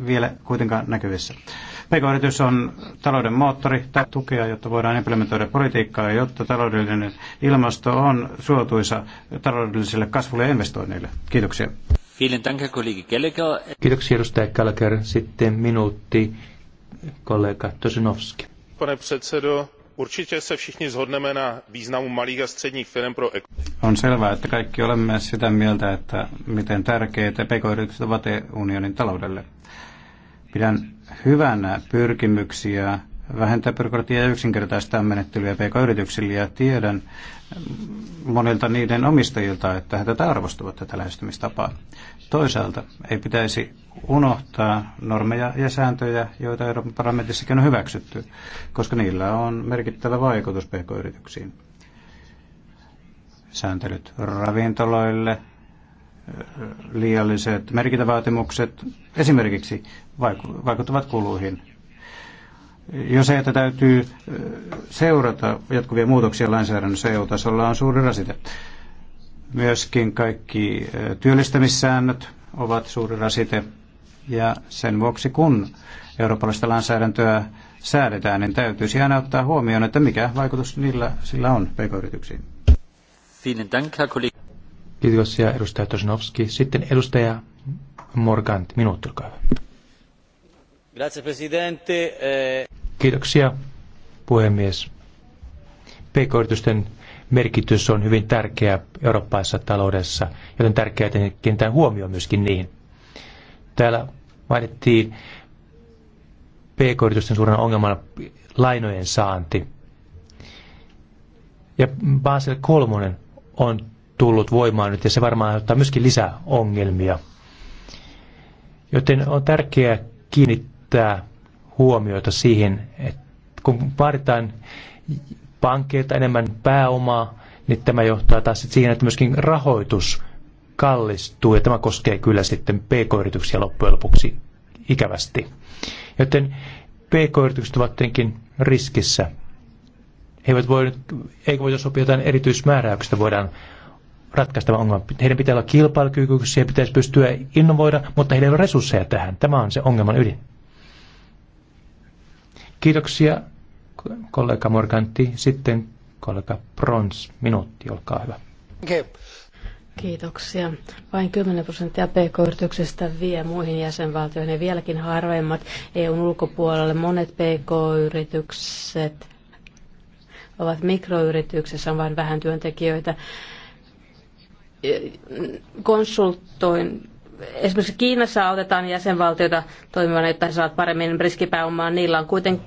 vielä kuitenkaan näkyvissä. PK-yritys on talouden moottori tai tukea, jotta voidaan implementoida politiikkaa, jotta taloudellinen ilmasto on suotuisa taloudelliselle kasvulle ja investoinneille. Kiitoksia. Kiitoksia edustaja Gallagher. Sitten minuutti kollega Tosinovski. Pane předsedo, určitě se všichni zhodneme na významu malých a středních firm pro On selvää, että kaikki olemme sitä mieltä, että miten tärkeitä pk-yritykset ovat unionin taloudelle. Pidän hyvänä pyrkimyksiä vähentää byrokratiaa ja yksinkertaistaa menettelyä pk-yrityksille ja tiedän monilta niiden omistajilta, että he tätä arvostavat tätä lähestymistapaa. Toisaalta ei pitäisi unohtaa normeja ja sääntöjä, joita Euroopan parlamentissakin on hyväksytty, koska niillä on merkittävä vaikutus pk-yrityksiin. Sääntelyt ravintoloille, liialliset merkintävaatimukset esimerkiksi vaikuttavat kuluihin. Jos että täytyy seurata jatkuvia muutoksia lainsäädännössä EU-tasolla, on suuri rasite. Myöskin kaikki työllistämissäännöt ovat suuri rasite ja sen vuoksi kun eurooppalaista lainsäädäntöä säädetään, niin täytyisi aina ottaa huomioon, että mikä vaikutus niillä sillä on pk-yrityksiin. Kiitos ja edustaja Tosinovski. Sitten edustaja Morgant, minuutti, olkaa hyvä. Grazie, presidente. Eh, Kiitoksia, puhemies. PK-yritysten merkitys on hyvin tärkeä eurooppalaisessa taloudessa, joten tärkeää kiinnittää huomioon myöskin niihin. Täällä mainittiin pk-yritysten suurena ongelmana lainojen saanti. Ja Basel 3 on tullut voimaan nyt ja se varmaan aiheuttaa myöskin lisää ongelmia. Joten on tärkeää kiinnittää huomiota siihen, että kun vaaditaan pankeilta enemmän pääomaa, niin tämä johtaa taas siihen, että myöskin rahoitus kallistuu, ja tämä koskee kyllä sitten pk-yrityksiä loppujen lopuksi ikävästi. Joten pk-yritykset ovat tietenkin riskissä. He eivät voi, eikö voi sopia jotain erityismääräyksistä, voidaan ratkaista ongelma. Heidän pitää olla kilpailukykyisiä, pitäisi pystyä innovoida, mutta heillä ei ole resursseja tähän. Tämä on se ongelman ydin. Kiitoksia kollega Morganti, sitten kollega Brons, minuutti, olkaa hyvä. Okay. Kiitoksia. Vain 10 prosenttia pk-yrityksistä vie muihin jäsenvaltioihin ja vieläkin harvemmat EUn ulkopuolelle. Monet pk-yritykset ovat mikroyrityksessä, on vain vähän työntekijöitä. Konsultoin esimerkiksi Kiinassa autetaan jäsenvaltioita toimimaan, että he saavat paremmin riskipääomaa. Niillä on kuitenkin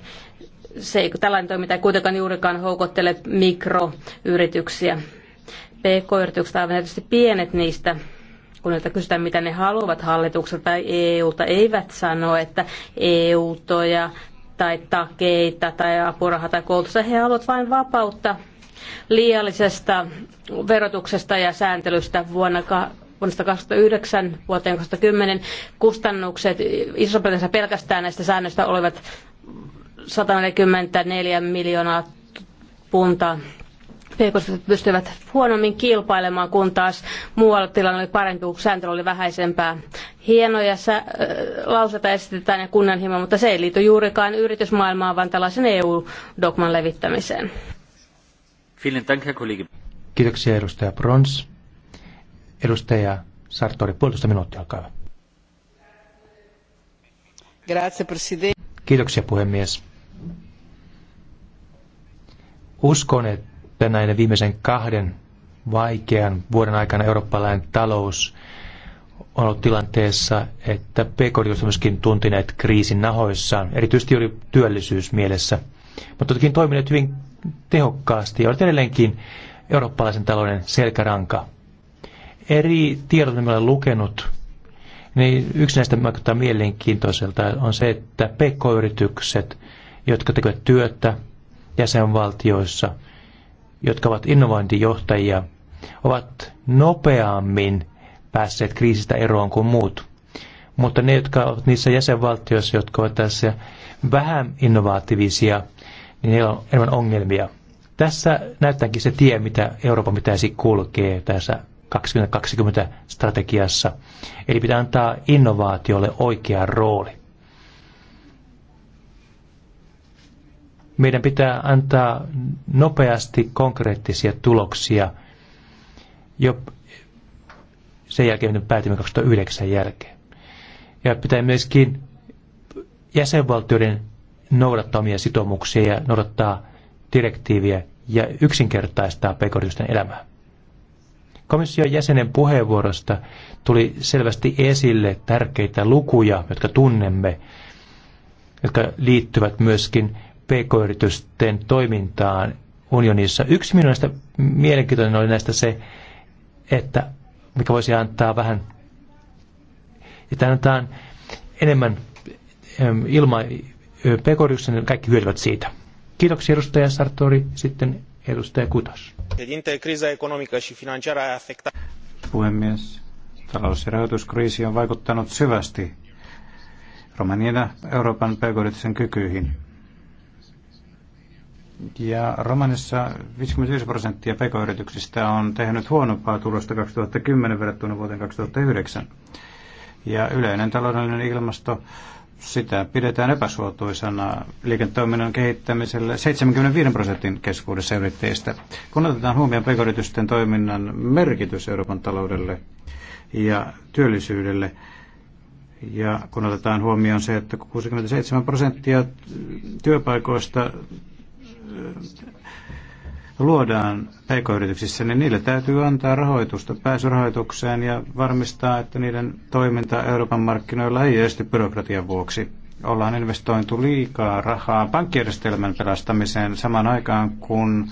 se ei, tällainen toiminta ei kuitenkaan juurikaan houkottele mikroyrityksiä. PK-yritykset, aivan tietysti pienet niistä, kun niiltä kysytään, mitä ne haluavat hallitukselta tai EUlta, eivät sano, että EU-toja tai takeita tai apuraha tai koulutusta. He haluavat vain vapautta liiallisesta verotuksesta ja sääntelystä vuonna vuodesta 2009 vuoteen 2010 kustannukset iso pelkästään näistä säännöistä olivat 144 miljoonaa puntaa pk pystyvät huonommin kilpailemaan, kun taas muualla tilanne oli parempi, kun sääntely oli vähäisempää. Hienoja sä, äh, lauseita esitetään ja kunnianhimo, mutta se ei liity juurikaan yritysmaailmaan, vaan tällaisen EU-dogman levittämiseen. Kiitoksia edustaja Brons. Edustaja Sartori, puolitoista minuuttia, olkaa hyvä. Grazie, Kiitoksia puhemies. Uskon, että näiden viimeisen kahden vaikean vuoden aikana eurooppalainen talous on ollut tilanteessa, että pk on myöskin tuntineet kriisin nahoissaan. Erityisesti oli työllisyys mielessä. Mutta toki toimineet hyvin tehokkaasti ja olet edelleenkin eurooppalaisen talouden selkäranka. Eri tiedot, mitä olen lukenut, niin yksi näistä vaikuttaa mielenkiintoiselta on se, että pk-yritykset, jotka tekevät työtä jäsenvaltioissa, jotka ovat innovointijohtajia, ovat nopeammin päässeet kriisistä eroon kuin muut. Mutta ne, jotka ovat niissä jäsenvaltioissa, jotka ovat tässä vähän innovaatiivisia, niin niillä on enemmän ongelmia. Tässä näyttääkin se tie, mitä Euroopan pitäisi kulkea tässä 2020 strategiassa. Eli pitää antaa innovaatiolle oikea rooli. meidän pitää antaa nopeasti konkreettisia tuloksia jo sen jälkeen, kun päätimme 2009 jälkeen. Ja pitää myöskin jäsenvaltioiden noudattamia sitoumuksia ja noudattaa direktiiviä ja yksinkertaistaa pk elämää. Komission jäsenen puheenvuorosta tuli selvästi esille tärkeitä lukuja, jotka tunnemme, jotka liittyvät myöskin pk-yritysten toimintaan unionissa. Yksi minun näistä mielenkiintoinen oli näistä se, että mikä voisi antaa vähän, että annetaan enemmän ilma, pk niin kaikki hyötyvät siitä. Kiitoksia edustaja Sartori, sitten edustaja Kutos. Puhemies, talous- ja rahoituskriisi on vaikuttanut syvästi Romanian Euroopan pk kykyihin ja Romanissa 59 prosenttia pk-yrityksistä on tehnyt huonompaa tulosta 2010 verrattuna vuoteen 2009. Ja yleinen taloudellinen ilmasto, sitä pidetään epäsuotuisana liiketoiminnan kehittämiselle 75 prosentin keskuudessa yrittäjistä. Kun otetaan huomioon pk toiminnan merkitys Euroopan taloudelle ja työllisyydelle, ja kun otetaan huomioon se, että 67 prosenttia työpaikoista luodaan pk-yrityksissä, niin niille täytyy antaa rahoitusta pääsyrahoitukseen ja varmistaa, että niiden toiminta Euroopan markkinoilla ei esty byrokratian vuoksi. Ollaan investointu liikaa rahaa pankkijärjestelmän pelastamiseen samaan aikaan, kun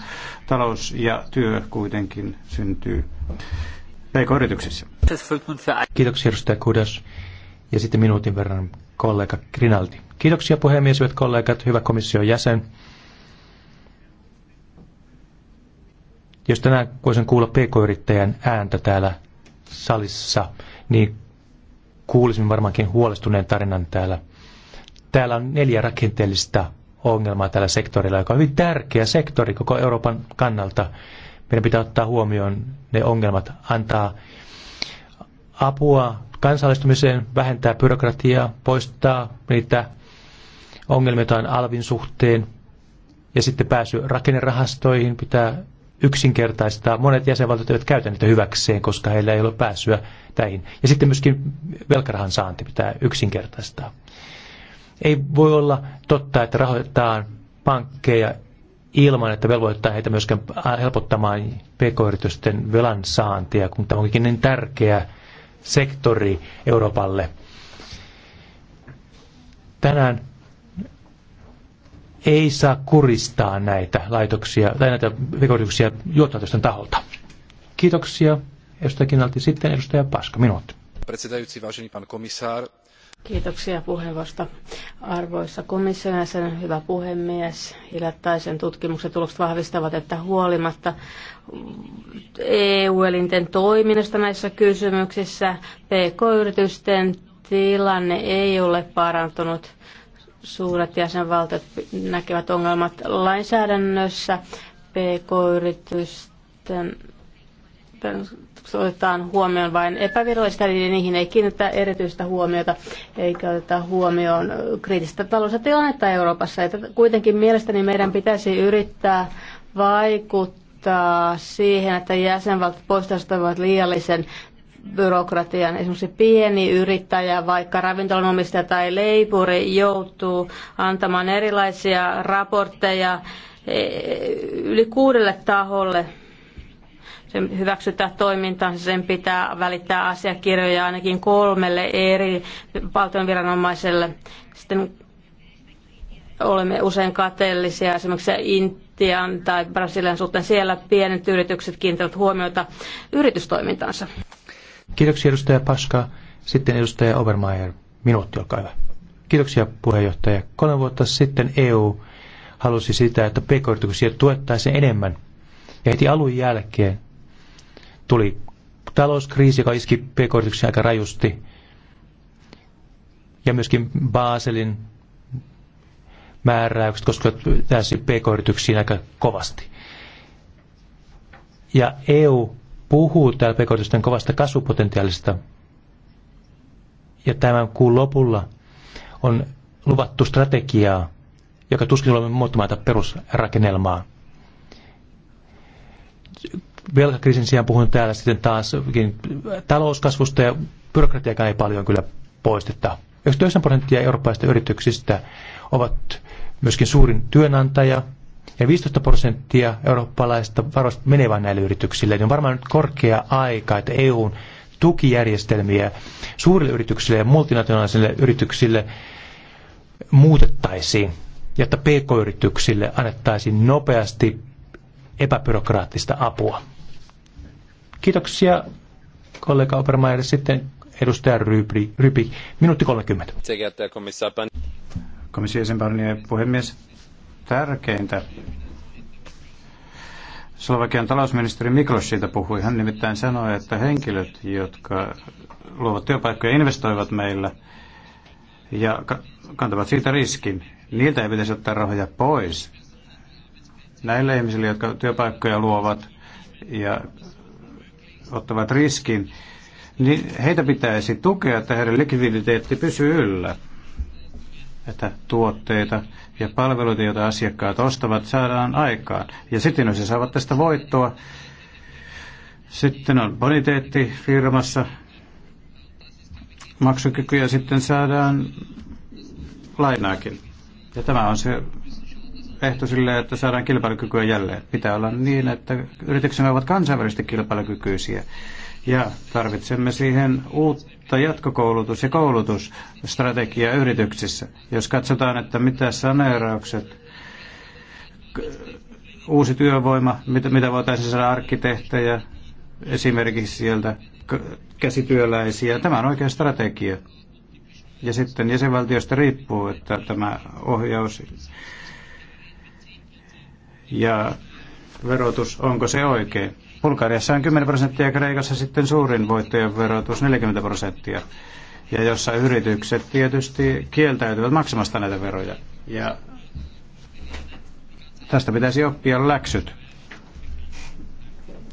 talous ja työ kuitenkin syntyy pk-yrityksissä. Kiitoksia edustaja Kudas. Ja sitten minuutin verran kollega Grinaldi. Kiitoksia puhemies, hyvät kollegat, hyvä komission jäsen. Jos tänään voisin kuulla pk-yrittäjän ääntä täällä salissa, niin kuulisin varmaankin huolestuneen tarinan täällä. Täällä on neljä rakenteellista ongelmaa tällä sektorilla, joka on hyvin tärkeä sektori koko Euroopan kannalta. Meidän pitää ottaa huomioon ne ongelmat, antaa apua kansallistumiseen, vähentää byrokratiaa, poistaa niitä ongelmia jotain alvin suhteen, ja sitten pääsy rakennerahastoihin pitää yksinkertaistaa. Monet jäsenvaltiot eivät käytä niitä hyväkseen, koska heillä ei ole pääsyä täihin. Ja sitten myöskin velkarahan saanti pitää yksinkertaistaa. Ei voi olla totta, että rahoitetaan pankkeja ilman, että velvoittaa heitä myöskään helpottamaan pk-yritysten velan saantia, kun tämä onkin niin tärkeä sektori Euroopalle. Tänään ei saa kuristaa näitä laitoksia tai näitä rikollisia juottolaitosten taholta. Kiitoksia. Edustaja Kinnalti. Sitten edustaja Paska. Minuutti. Kiitoksia puheenvuorosta. Arvoisa komission jäsen, hyvä puhemies. Hiljattaisen tutkimuksen tulokset vahvistavat, että huolimatta EU-elinten toiminnasta näissä kysymyksissä, PK-yritysten tilanne ei ole parantunut suuret jäsenvaltiot näkevät ongelmat lainsäädännössä, pk-yritysten otetaan huomioon vain epävirallista, eli niihin ei kiinnitä erityistä huomiota, eikä oteta huomioon kriittistä taloudellista tilannetta Euroopassa. Että kuitenkin mielestäni meidän pitäisi yrittää vaikuttaa siihen, että jäsenvaltiot poistaisivat liiallisen byrokratian. Esimerkiksi pieni yrittäjä, vaikka ravintolanomistaja tai leipuri, joutuu antamaan erilaisia raportteja e, yli kuudelle taholle sen hyväksytä toimintansa, sen pitää välittää asiakirjoja ainakin kolmelle eri valtionviranomaiselle. Sitten olemme usein kateellisia esimerkiksi Intian tai Brasilian suhteen. Siellä pienet yritykset kiinnittävät huomiota yritystoimintaansa. Kiitoksia edustaja Paska. Sitten edustaja Obermeier. Minuutti, olkaa hyvä. Kiitoksia puheenjohtaja. Kolme vuotta sitten EU halusi sitä, että pk-yrityksiä tuettaisiin enemmän. Ja heti alun jälkeen tuli talouskriisi, joka iski pk aika rajusti. Ja myöskin Baselin määräykset koska tässä pk-yrityksiin aika kovasti. Ja EU puhuu täällä pk kovasta kasvupotentiaalista. Ja tämän kuun lopulla on luvattu strategiaa, joka tuskin olemme muuttamaan perusrakennelmaa. Velkakriisin sijaan puhun täällä sitten taas talouskasvusta ja byrokratiakaan ei paljon kyllä poisteta. 99 prosenttia eurooppalaisista yrityksistä ovat myöskin suurin työnantaja – ja 15 prosenttia eurooppalaisista varoista menee vain näille yrityksille, niin on varmaan nyt korkea aika, että EUn tukijärjestelmiä suurille yrityksille ja multinationaalisille yrityksille muutettaisiin, jotta pk-yrityksille annettaisiin nopeasti epäbyrokraattista apua. Kiitoksia kollega Obermeier. Sitten edustaja Rypi, minuutti 30. Komission puhemies, tärkeintä, Slovakian talousministeri Miklos siitä puhui. Hän nimittäin sanoi, että henkilöt, jotka luovat työpaikkoja, investoivat meillä ja kantavat siitä riskin. Niiltä ei pitäisi ottaa rahoja pois. Näille ihmisille, jotka työpaikkoja luovat ja ottavat riskin, niin heitä pitäisi tukea, että heidän likviditeetti pysyy yllä että tuotteita ja palveluita, joita asiakkaat ostavat, saadaan aikaan. Ja sitten jos he saavat tästä voittoa, sitten on boniteetti firmassa, maksukyky ja sitten saadaan lainaakin. Ja tämä on se ehto sille, että saadaan kilpailukykyä jälleen. Pitää olla niin, että yrityksemme ovat kansainvälisesti kilpailukykyisiä. Ja tarvitsemme siihen uutta jatkokoulutus- ja koulutusstrategiaa yrityksissä. Jos katsotaan, että mitä saneeraukset, uusi työvoima, mitä, mitä voitaisiin saada arkkitehtejä, esimerkiksi sieltä käsityöläisiä. Tämä on oikea strategia. Ja sitten jäsenvaltiosta riippuu, että tämä ohjaus ja verotus, onko se oikein. Bulgariassa on 10 prosenttia, Kreikassa sitten suurin voittojen verotus 40 prosenttia. Ja jossa yritykset tietysti kieltäytyvät maksamasta näitä veroja. Ja tästä pitäisi oppia läksyt,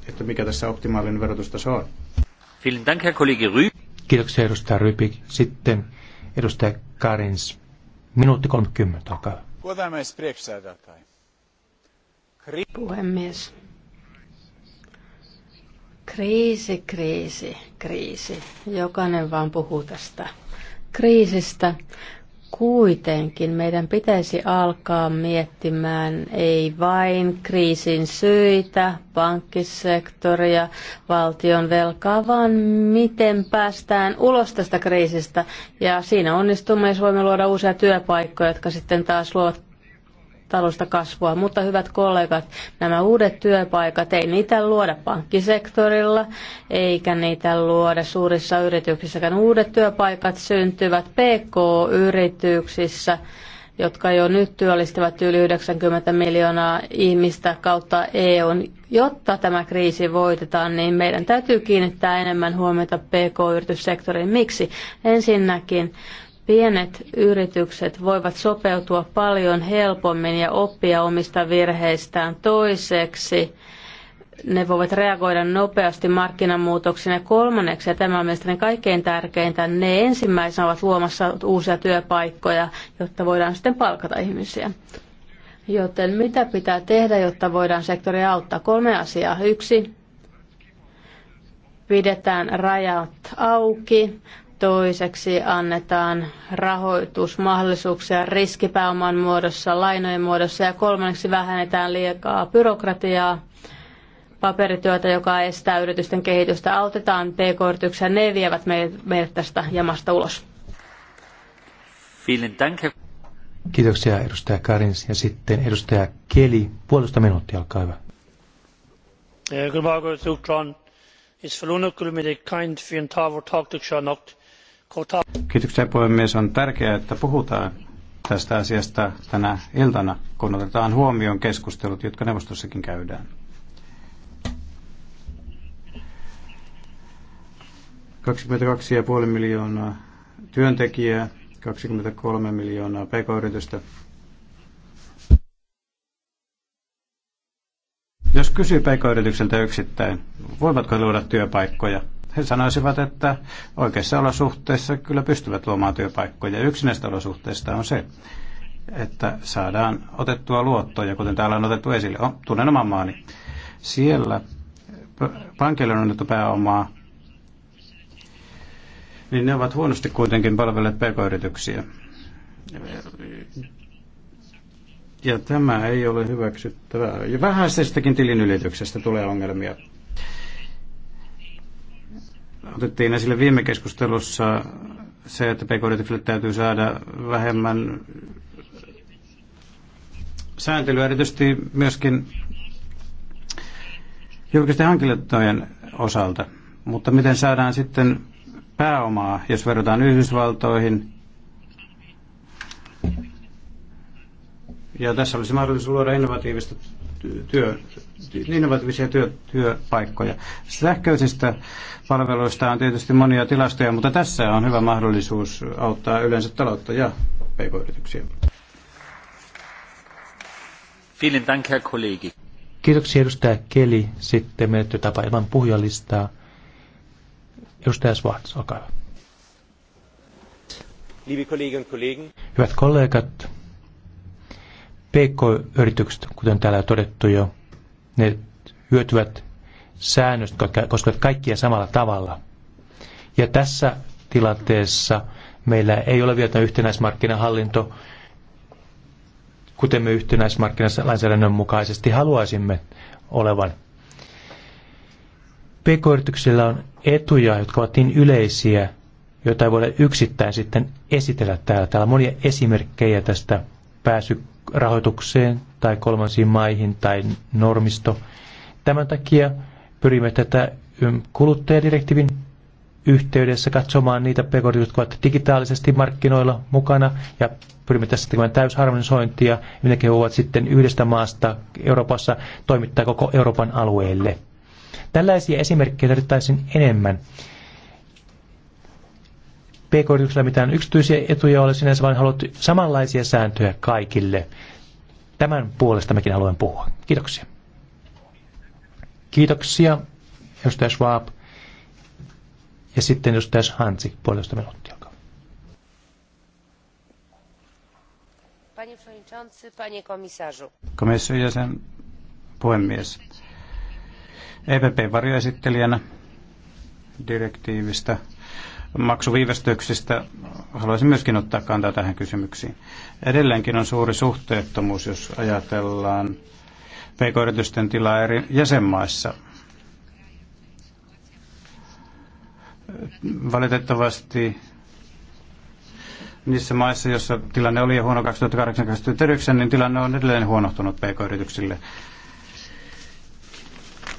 että mikä tässä optimaalinen verotustaso on. Kiitoksia edustaja Rypi. Sitten edustaja Karins. Minuutti 30, olkaa hyvä. Puhemies, Kriisi, kriisi, kriisi. Jokainen vaan puhuu tästä kriisistä. Kuitenkin meidän pitäisi alkaa miettimään ei vain kriisin syitä, pankkisektoria, valtion velkaa, vaan miten päästään ulos tästä kriisistä. Ja siinä onnistumme, jos voimme luoda uusia työpaikkoja, jotka sitten taas luovat taloudellista kasvua. Mutta hyvät kollegat, nämä uudet työpaikat, ei niitä luoda pankkisektorilla, eikä niitä luoda suurissa yrityksissäkään. Uudet työpaikat syntyvät PK-yrityksissä jotka jo nyt työllistävät yli 90 miljoonaa ihmistä kautta EUn. Jotta tämä kriisi voitetaan, niin meidän täytyy kiinnittää enemmän huomiota PK-yrityssektoriin. Miksi? Ensinnäkin Pienet yritykset voivat sopeutua paljon helpommin ja oppia omista virheistään toiseksi. Ne voivat reagoida nopeasti markkinamuutoksiin ja kolmanneksi, ja tämä on mielestäni kaikkein tärkeintä, ne ensimmäisenä ovat luomassa uusia työpaikkoja, jotta voidaan sitten palkata ihmisiä. Joten mitä pitää tehdä, jotta voidaan sektoria auttaa? Kolme asiaa. Yksi, pidetään rajat auki, Toiseksi annetaan rahoitusmahdollisuuksia riskipääoman muodossa, lainojen muodossa ja kolmanneksi vähennetään liikaa byrokratiaa, paperityötä, joka estää yritysten kehitystä. Autetaan pk-yrityksiä, ne vievät meidät tästä jamasta ulos. Kiitoksia edustaja Karins ja sitten edustaja Keli. Puolesta minuuttia, olkaa hyvä. Kyllä, eh, Is Sutron. It's kind fin tavor talk to Kiitoksia puhemies. On tärkeää, että puhutaan tästä asiasta tänä iltana, kun otetaan huomioon keskustelut, jotka neuvostossakin käydään. puoli miljoonaa työntekijää, 23 miljoonaa pk-yritystä. Jos kysyy pk-yritykseltä yksittäin, voivatko luoda työpaikkoja, he sanoisivat, että oikeissa olosuhteissa kyllä pystyvät luomaan työpaikkoja. Yksi näistä olosuhteista on se, että saadaan otettua luottoja, kuten täällä on otettu esille. Oh, tunnen oman maani. Siellä pankille on annettu pääomaa, niin ne ovat huonosti kuitenkin palvelleet pk-yrityksiä. Ja tämä ei ole hyväksyttävää. Ja vähäisestäkin tilinylityksestä tulee ongelmia otettiin esille viime keskustelussa se, että pk-yrityksille täytyy saada vähemmän sääntelyä, erityisesti myöskin julkisten hankintojen osalta. Mutta miten saadaan sitten pääomaa, jos verrataan Yhdysvaltoihin? Ja tässä olisi mahdollisuus luoda innovatiivista työ, innovatiivisia niin, työ, työpaikkoja. Sähköisistä palveluista on tietysti monia tilastoja, mutta tässä on hyvä mahdollisuus auttaa yleensä taloutta ja pk-yrityksiä. Kollegi. Kiitoksia edustaja Keli. Sitten menetty tapa ilman puhujalistaa. Edustaja Svarts, olkaa hyvä. Hyvät kollegat, PK-yritykset, kuten täällä on todettu jo, ne hyötyvät säännöstä, jotka koskevat kaikkia samalla tavalla. Ja tässä tilanteessa meillä ei ole vielä yhtenäismarkkinahallinto, kuten me yhtenäismarkkinalainsäädännön mukaisesti haluaisimme olevan. PK-yrityksillä on etuja, jotka ovat niin yleisiä, joita ei voida yksittäin sitten esitellä täällä. Täällä on monia esimerkkejä tästä pääsy rahoitukseen tai kolmansiin maihin tai normisto. Tämän takia pyrimme tätä kuluttajadirektiivin yhteydessä katsomaan niitä pk jotka ovat digitaalisesti markkinoilla mukana ja pyrimme tässä tekemään täysharmonisointia, he ovat sitten yhdestä maasta Euroopassa toimittaa koko Euroopan alueelle. Tällaisia esimerkkejä tarvittaisiin enemmän. PK-yrityksellä mitään yksityisiä etuja ole sinänsä, vaan haluat samanlaisia sääntöjä kaikille. Tämän puolesta mekin haluan puhua. Kiitoksia. Kiitoksia, edustaja Schwab. Ja sitten edustaja Hansi, puolesta minuuttia. Panie Komission jäsen, puhemies. EPP-varjoesittelijänä direktiivistä maksuviivästyksistä haluaisin myöskin ottaa kantaa tähän kysymyksiin. Edelleenkin on suuri suhteettomuus, jos ajatellaan pk-yritysten tilaa eri jäsenmaissa. Valitettavasti niissä maissa, joissa tilanne oli jo huono 2008-2009, niin tilanne on edelleen huonohtunut pk-yrityksille.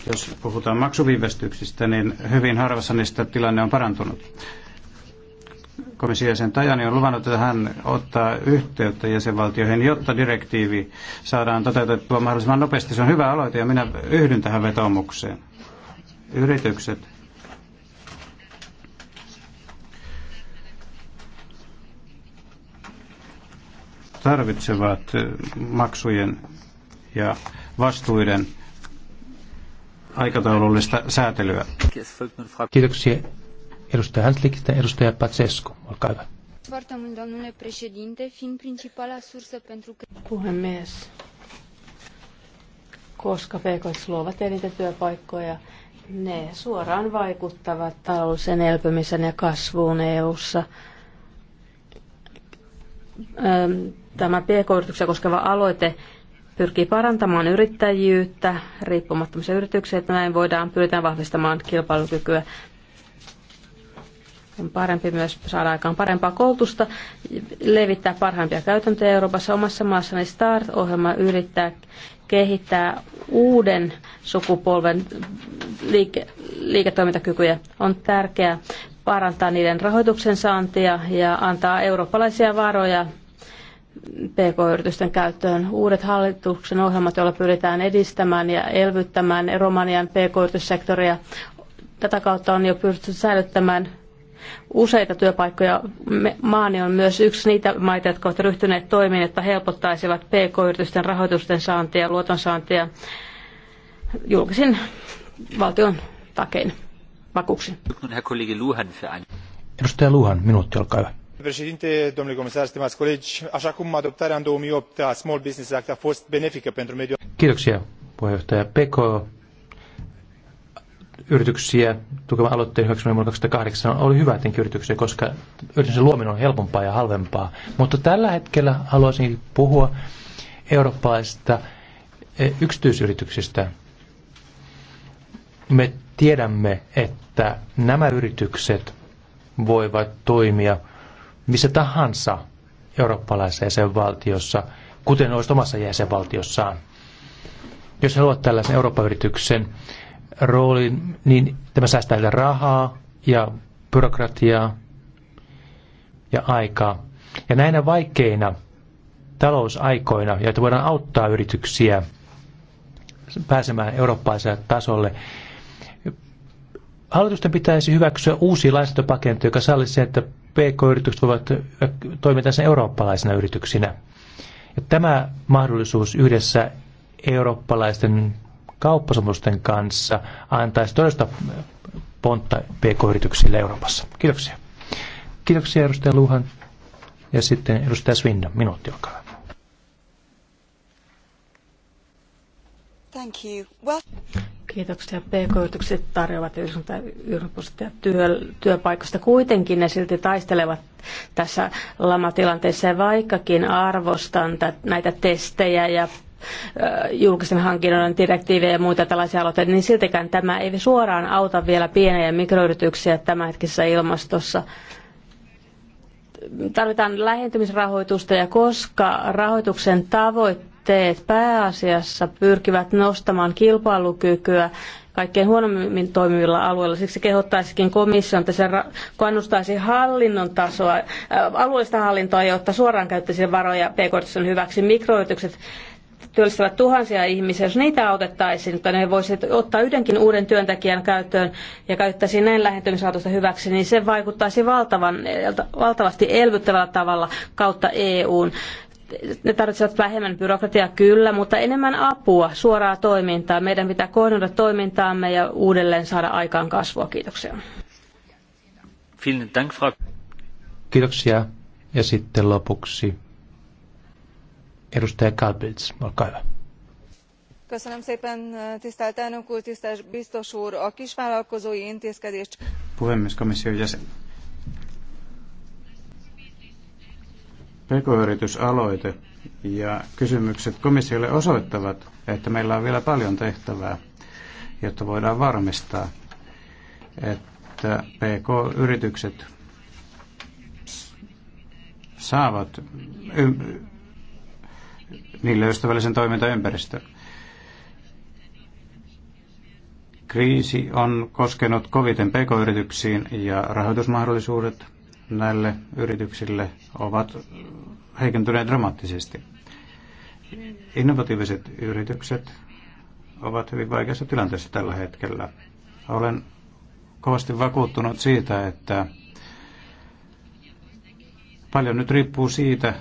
Jos puhutaan maksuviivästyksistä, niin hyvin harvassa niistä tilanne on parantunut komission jäsen Tajani on luvannut, että hän ottaa yhteyttä jäsenvaltioihin, jotta direktiivi saadaan toteutettua mahdollisimman nopeasti. Se on hyvä aloite ja minä yhdyn tähän vetomukseen. Yritykset tarvitsevat maksujen ja vastuiden aikataulullista säätelyä. Kiitoksia. Edustaja Hanslik ja edustaja Patsesku, olkaa hyvä. Puhemies, koska pk luovat eniten työpaikkoja, ne suoraan vaikuttavat talouden elpymisen ja kasvuun EU-ssa. Tämä pk-yrityksiä koskeva aloite pyrkii parantamaan yrittäjyyttä, riippumattomissa yrityksissä, että näin voidaan pyritään vahvistamaan kilpailukykyä parempi myös saada aikaan parempaa koulutusta, levittää parhaimpia käytäntöjä Euroopassa omassa maassani. START-ohjelma yrittää kehittää uuden sukupolven liike- liiketoimintakykyjä. On tärkeää parantaa niiden rahoituksen saantia ja antaa eurooppalaisia varoja PK-yritysten käyttöön uudet hallituksen ohjelmat, joilla pyritään edistämään ja elvyttämään Romanian PK-yrityssektoria. Tätä kautta on jo pyritty säilyttämään useita työpaikkoja. Maani on myös yksi niitä maita, jotka ovat ryhtyneet toimiin, että helpottaisivat PK-yritysten rahoitusten saantia, luotonsaantia julkisin valtion takein vakuuksin. Edustaja Luhan, minuutti, olkaa hyvä. Președinte, domnule comisar, stimați colegi, așa cum adoptarea în 2008 a Small Business Act a fost benefică pentru mediul... Kiitoksia, puheenjohtaja. PK yrityksiä tukevan aloitteen hyväksyminen vuonna 2008 oli hyvä tietenkin yrityksiä, koska yrityksen luominen on helpompaa ja halvempaa. Mutta tällä hetkellä haluaisin puhua eurooppalaisista e, yksityisyrityksistä. Me tiedämme, että nämä yritykset voivat toimia missä tahansa eurooppalaisessa jäsenvaltiossa, kuten olisi omassa jäsenvaltiossaan. Jos haluat tällaisen Euroopan yrityksen, roolin, niin tämä säästää heille rahaa ja byrokratiaa ja aikaa. Ja näinä vaikeina talousaikoina, joita voidaan auttaa yrityksiä pääsemään eurooppaiselle tasolle, hallitusten pitäisi hyväksyä uusi lainsäädäntöpaketti, joka sallisi sen, että PK-yritykset voivat toimia tässä eurooppalaisina yrityksinä. Ja tämä mahdollisuus yhdessä eurooppalaisten kauppasopimusten kanssa antaisi todellista pontta pk-yrityksille Euroopassa. Kiitoksia. Kiitoksia edustaja Luhan. Ja sitten edustaja Svinna, minuutti olkaa hyvä. Thank you. Well... Kiitoksia. PK-yritykset tarjoavat 90 ja työ, työpaikoista kuitenkin. Ne silti taistelevat tässä lamatilanteessa ja vaikkakin arvostan näitä testejä ja julkisten hankinnoiden direktiivejä ja muita tällaisia aloitteita, niin siltikään tämä ei suoraan auta vielä pieniä ja mikroyrityksiä tämänhetkisessä ilmastossa tarvitaan lähentymisrahoitusta ja koska rahoituksen tavoitteet pääasiassa pyrkivät nostamaan kilpailukykyä kaikkein huonommin toimivilla alueilla. Siksi kehottaisikin komission, että se kannustaisi hallinnon tasoa, alueellista hallintoa, jotta suoraan käyttäisi varoja pk hyväksi. Mikroyritykset työllistävät tuhansia ihmisiä, jos niitä autettaisiin, että ne voisivat ottaa yhdenkin uuden työntekijän käyttöön ja käyttäisiin näin lähentymisrahoitusta hyväksi, niin se vaikuttaisi valtavan, valtavasti elvyttävällä tavalla kautta EUn ne tarvitsevat vähemmän byrokratiaa kyllä, mutta enemmän apua, suoraa toimintaa. Meidän pitää kohdata toimintaamme ja uudelleen saada aikaan kasvua. Kiitoksia. Kiitoksia. Ja sitten lopuksi Edustaja Kalbils, olkaa hyvä. Köszönöm szépen, tisztelt elnök úr, tisztelt biztos úr, a kisvállalkozói intézkedést. Puhemies, jäsen. PK-yritysaloite ja kysymykset komissiolle osoittavat, että meillä on vielä paljon tehtävää, jotta voidaan varmistaa, että PK-yritykset saavat niille ystävällisen toimintaympäristön. Kriisi on koskenut koviten pk-yrityksiin ja rahoitusmahdollisuudet näille yrityksille ovat heikentyneet dramaattisesti. Innovatiiviset yritykset ovat hyvin vaikeassa tilanteessa tällä hetkellä. Olen kovasti vakuuttunut siitä, että paljon nyt riippuu siitä,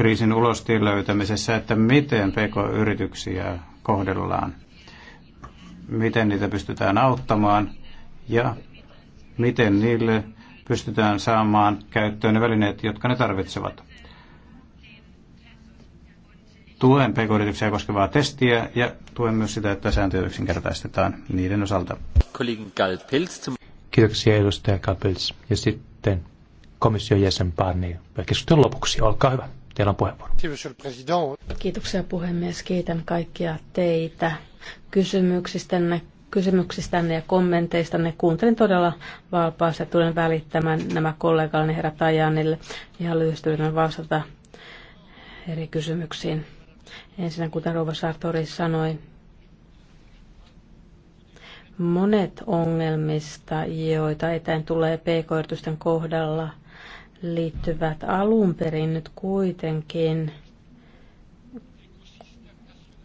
kriisin ulostien löytämisessä, että miten pk-yrityksiä kohdellaan, miten niitä pystytään auttamaan ja miten niille pystytään saamaan käyttöön ne välineet, jotka ne tarvitsevat. Tuen pk-yrityksiä koskevaa testiä ja tuen myös sitä, että sääntöjä yksinkertaistetaan niiden osalta. Kiitoksia edustaja Kalpils. Ja sitten komission jäsen Barnier. Keskustelun lopuksi, olkaa hyvä. Teillä on puheenvuoro. Kiitoksia puhemies. Kiitän kaikkia teitä kysymyksistänne kysymyksistänne ja kommenteistanne. Kuuntelin todella valpaasti ja tulen välittämään nämä kollegalleni herra Tajanille. Ihan lyhyesti yritän vastata eri kysymyksiin. Ensinnä, kuten Rova Sartori sanoi, monet ongelmista, joita eteen tulee pk-yritysten kohdalla – liittyvät alun perin nyt kuitenkin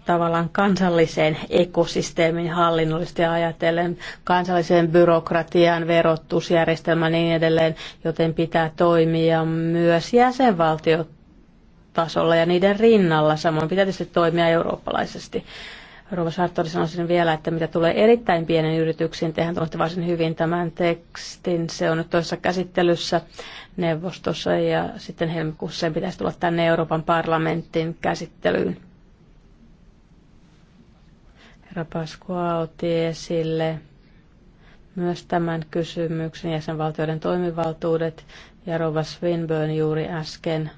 tavallaan kansalliseen ekosysteemin hallinnollisesti ajatellen, kansalliseen byrokratiaan, verotusjärjestelmään ja niin edelleen, joten pitää toimia myös jäsenvaltiotasolla ja niiden rinnalla. Samoin pitää tietysti toimia eurooppalaisesti. Rova Sartori sanoisin vielä, että mitä tulee erittäin pienen yrityksiin, tehän tunnette varsin hyvin tämän tekstin. Se on nyt toisessa käsittelyssä neuvostossa ja sitten helmikuussa sen pitäisi tulla tänne Euroopan parlamentin käsittelyyn. Herra Paskua otti esille myös tämän kysymyksen jäsenvaltioiden toimivaltuudet ja Rova Swinburne juuri äsken –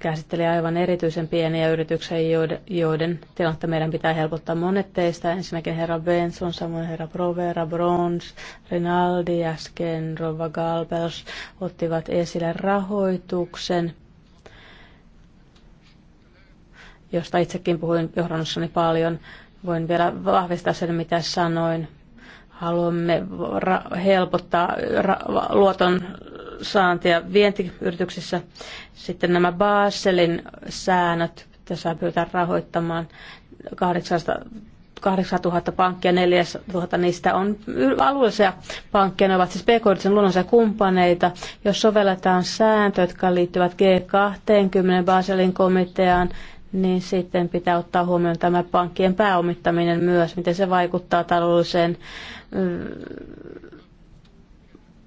käsittelee aivan erityisen pieniä yrityksiä, joiden, joiden tilannetta meidän pitää helpottaa monet teistä. Ensinnäkin herra Benson, samoin herra Provera, Brons, Rinaldi, äsken Rova Galbels ottivat esille rahoituksen, josta itsekin puhuin johdannossani paljon. Voin vielä vahvistaa sen, mitä sanoin. Haluamme helpottaa luoton saantia vientiyrityksissä. Sitten nämä Baselin säännöt, tässä pyytää rahoittamaan 800 8000 pankkia, 4000 niistä on alueellisia pankkeja, ne ovat siis pk luonnollisia kumppaneita. Jos sovelletaan sääntöjä, jotka liittyvät G20 Baselin komiteaan, niin sitten pitää ottaa huomioon tämä pankkien pääomittaminen myös, miten se vaikuttaa taloudelliseen mm,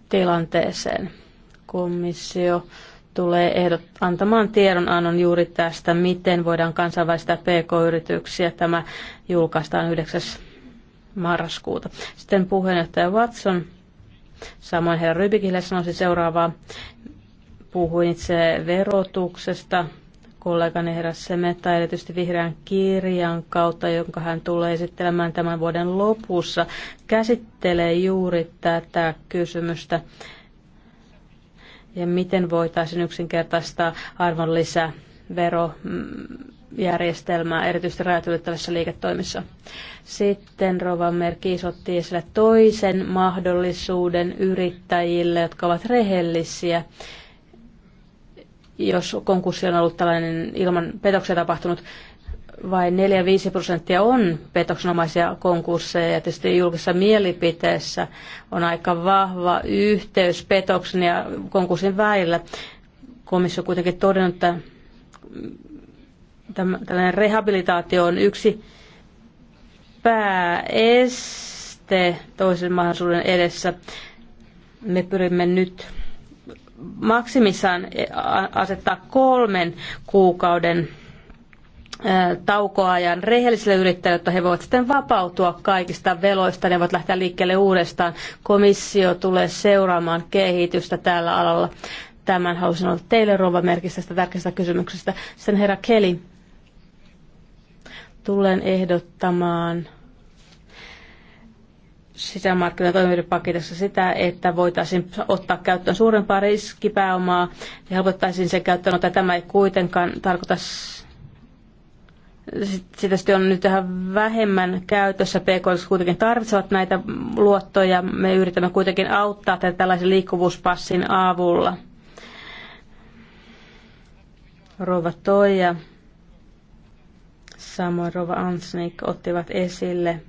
tilanteeseen komissio tulee ehdot, antamaan tiedonannon juuri tästä, miten voidaan kansainvälistää pk-yrityksiä. Tämä julkaistaan 9. marraskuuta. Sitten puheenjohtaja Watson, samoin herra Rybikille sanoisi seuraavaa. Puhuin itse verotuksesta, kollegani herra Semetta, erityisesti vihreän kirjan kautta, jonka hän tulee esittelemään tämän vuoden lopussa, käsittelee juuri tätä kysymystä ja miten voitaisiin yksinkertaistaa arvonlisäverojärjestelmää erityisesti rajat liiketoimissa. Sitten Rova Merki isotti esille toisen mahdollisuuden yrittäjille, jotka ovat rehellisiä. Jos konkurssi on ollut tällainen ilman petoksia tapahtunut, vain 4-5 prosenttia on petoksenomaisia konkursseja ja tietysti julkisessa mielipiteessä on aika vahva yhteys petoksen ja konkurssin välillä. Komissio on kuitenkin todennut, että tällainen rehabilitaatio on yksi pääeste toisen mahdollisuuden edessä. Me pyrimme nyt maksimissaan eh, asettaa kolmen kuukauden taukoajan rehellisille yrittäjille, jotta he voivat sitten vapautua kaikista veloista. Ne voivat lähteä liikkeelle uudestaan. Komissio tulee seuraamaan kehitystä tällä alalla. Tämän halusin olla teille rouva merkistä tästä tärkeästä kysymyksestä. Sen herra Keli, tulen ehdottamaan sisämarkkinatoimintapaketissa sitä, että voitaisiin ottaa käyttöön suurempaa riskipääomaa ja helpottaisiin sen käyttöönottoa. Tämä ei kuitenkaan tarkoita sitä sitten on nyt tähän vähemmän käytössä. pk kuitenkin tarvitsevat näitä luottoja. Me yritämme kuitenkin auttaa tätä tällaisen liikkuvuuspassin avulla. Rova Toija, samoin Rova Ansnik ottivat esille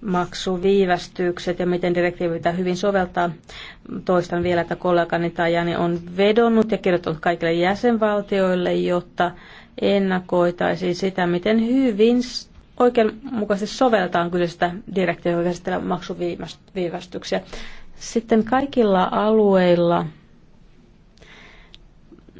maksuviivästykset ja miten direktiivitä hyvin soveltaa. Toistan vielä, että kollegani Tajani on vedonnut ja kirjoittanut kaikille jäsenvaltioille, jotta ennakoitaisiin sitä, miten hyvin oikeanmukaisesti soveltaan kyseistä direktiiviä käsitellä maksuviivästyksiä. Sitten kaikilla alueilla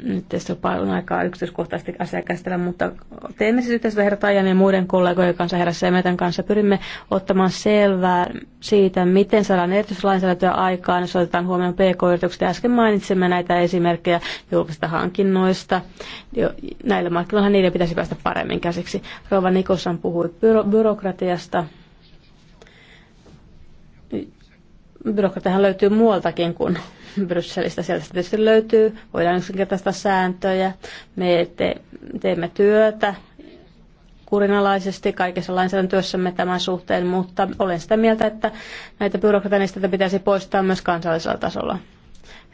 nyt tässä on paljon aikaa yksityiskohtaisesti asiaa käsitellä, mutta teemme siis yhteistyötä Tajan ja muiden kollegojen kanssa herra Semetän kanssa. Pyrimme ottamaan selvää siitä, miten saadaan erityislainsäädäntöä aikaan, jos otetaan huomioon PK-yritykset. Äsken mainitsimme näitä esimerkkejä julkisista hankinnoista. Näillä markkinoilla niiden pitäisi päästä paremmin käsiksi. Rova Nikosan puhui byro- byrokratiasta byrokratiahan löytyy muualtakin kuin Brysselistä. Sieltä tietysti löytyy, voidaan yksinkertaista sääntöjä. Me te, teemme työtä kurinalaisesti kaikessa lainsäädäntötyössämme tämän suhteen, mutta olen sitä mieltä, että näitä byrokratianisteitä pitäisi poistaa myös kansallisella tasolla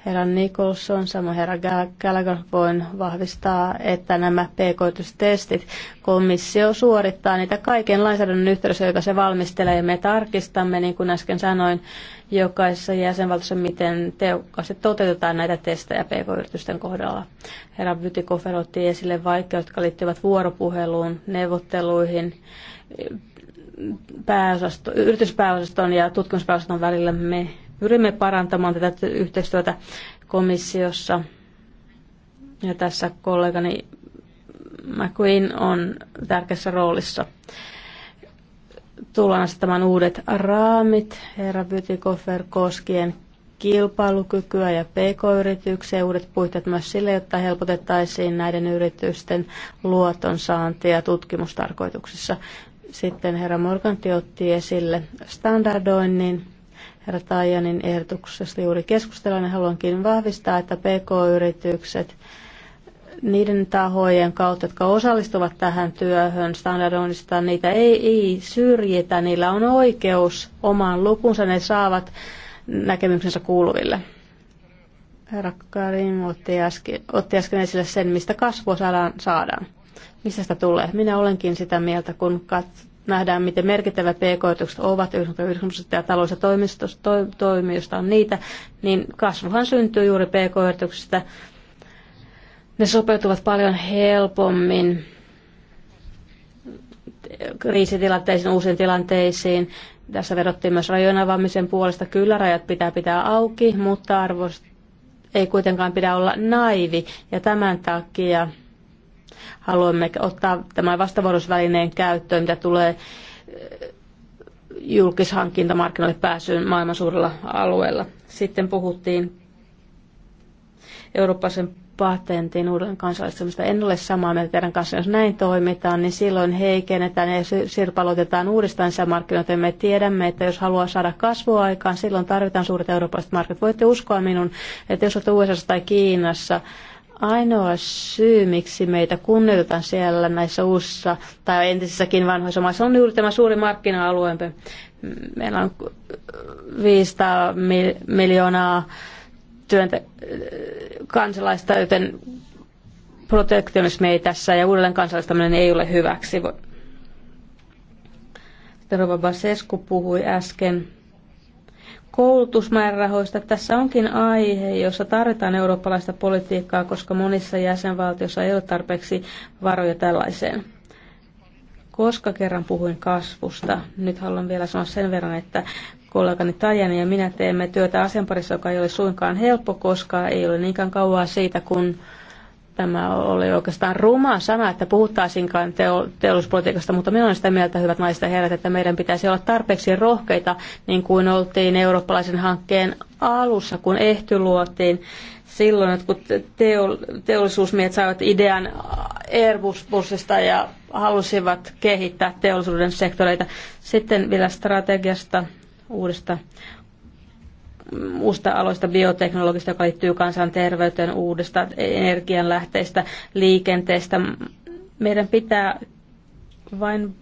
herra Nicholson, samoin herra Gallagher voin vahvistaa, että nämä pk-testit komissio suorittaa niitä kaiken lainsäädännön yhteydessä, joita se valmistelee ja me tarkistamme, niin kuin äsken sanoin, jokaisessa jäsenvaltiossa, miten tehokkaasti toteutetaan näitä testejä pk-yritysten kohdalla. Herra Bytikofer otti esille vaikeudet, jotka liittyvät vuoropuheluun, neuvotteluihin, pääosasto, yrityspääosaston ja tutkimuspääosaston välillä me Pyrimme parantamaan tätä yhteistyötä komissiossa. Ja tässä kollegani McQueen on tärkeässä roolissa. Tullaan asettamaan uudet raamit herra Bytikofer koskien kilpailukykyä ja pk-yrityksiä, uudet puitteet myös sille, jotta helpotettaisiin näiden yritysten luotonsaantia tutkimustarkoituksissa. Sitten herra Morganti otti esille standardoinnin herra Tajanin ehdotuksesta juuri keskustellaan, niin haluankin vahvistaa, että PK-yritykset niiden tahojen kautta, jotka osallistuvat tähän työhön standardoinnista, niitä ei, ei syrjitä. Niillä on oikeus omaan lukunsa, ne saavat näkemyksensä kuuluville. Herra Karim otti äsken, otti äsken esille sen, mistä kasvua saadaan, saadaan. Mistä sitä tulee? Minä olenkin sitä mieltä, kun kat, nähdään, miten merkittävä pk-yritykset ovat, 99 talous- ja toimijoista on niitä, niin kasvuhan syntyy juuri pk-yrityksistä. Ne sopeutuvat paljon helpommin kriisitilanteisiin, uusiin tilanteisiin. Tässä vedottiin myös rajojen avaamisen puolesta. Kyllä rajat pitää pitää auki, mutta arvost ei kuitenkaan pidä olla naivi. Ja tämän takia Haluamme ottaa tämän vastavuoroisvälineen käyttöön, mitä tulee eh, julkishankintamarkkinoille pääsyyn maailman suurella alueella. Sitten puhuttiin eurooppalaisen patentin uuden kansallistamista. En ole samaa mieltä teidän kanssa. Jos näin toimitaan, niin silloin heikennetään ja sirpaloitetaan uudestaan sisämarkkinoita. Me tiedämme, että jos haluaa saada kasvua aikaan, silloin tarvitaan suuret eurooppalaiset markkinat. Voitte uskoa minun, että jos olette USA tai Kiinassa, Ainoa syy, miksi meitä kunnioitetaan siellä näissä uusissa tai entisissäkin vanhoissa maissa, on juuri tämä suuri markkina-alueemme. Meillä on 500 miljoonaa työntä, kansalaista, joten protektionismi ei tässä ja uudelleen kansallistaminen ei ole hyväksi. Rova Basescu puhui äsken Koulutusmäärärahoista tässä onkin aihe, jossa tarvitaan eurooppalaista politiikkaa, koska monissa jäsenvaltioissa ei ole tarpeeksi varoja tällaiseen. Koska kerran puhuin kasvusta, nyt haluan vielä sanoa sen verran, että kollegani Tajani ja minä teemme työtä asian parissa, joka ei ole suinkaan helppo, koska ei ole niinkään kauaa siitä, kun Tämä oli oikeastaan ruma sana, että puhuttaisinkaan teo- teollisuuspolitiikasta, mutta minä olen sitä mieltä, hyvät naiset ja herrat, että meidän pitäisi olla tarpeeksi rohkeita, niin kuin oltiin eurooppalaisen hankkeen alussa, kun ehty luotiin silloin, että kun teo- teollisuusmiehet saivat idean Airbusbussista ja halusivat kehittää teollisuuden sektoreita. Sitten vielä strategiasta, uudesta musta aloista bioteknologista, joka liittyy kansanterveyteen, uudesta energianlähteistä, liikenteestä. Meidän pitää vain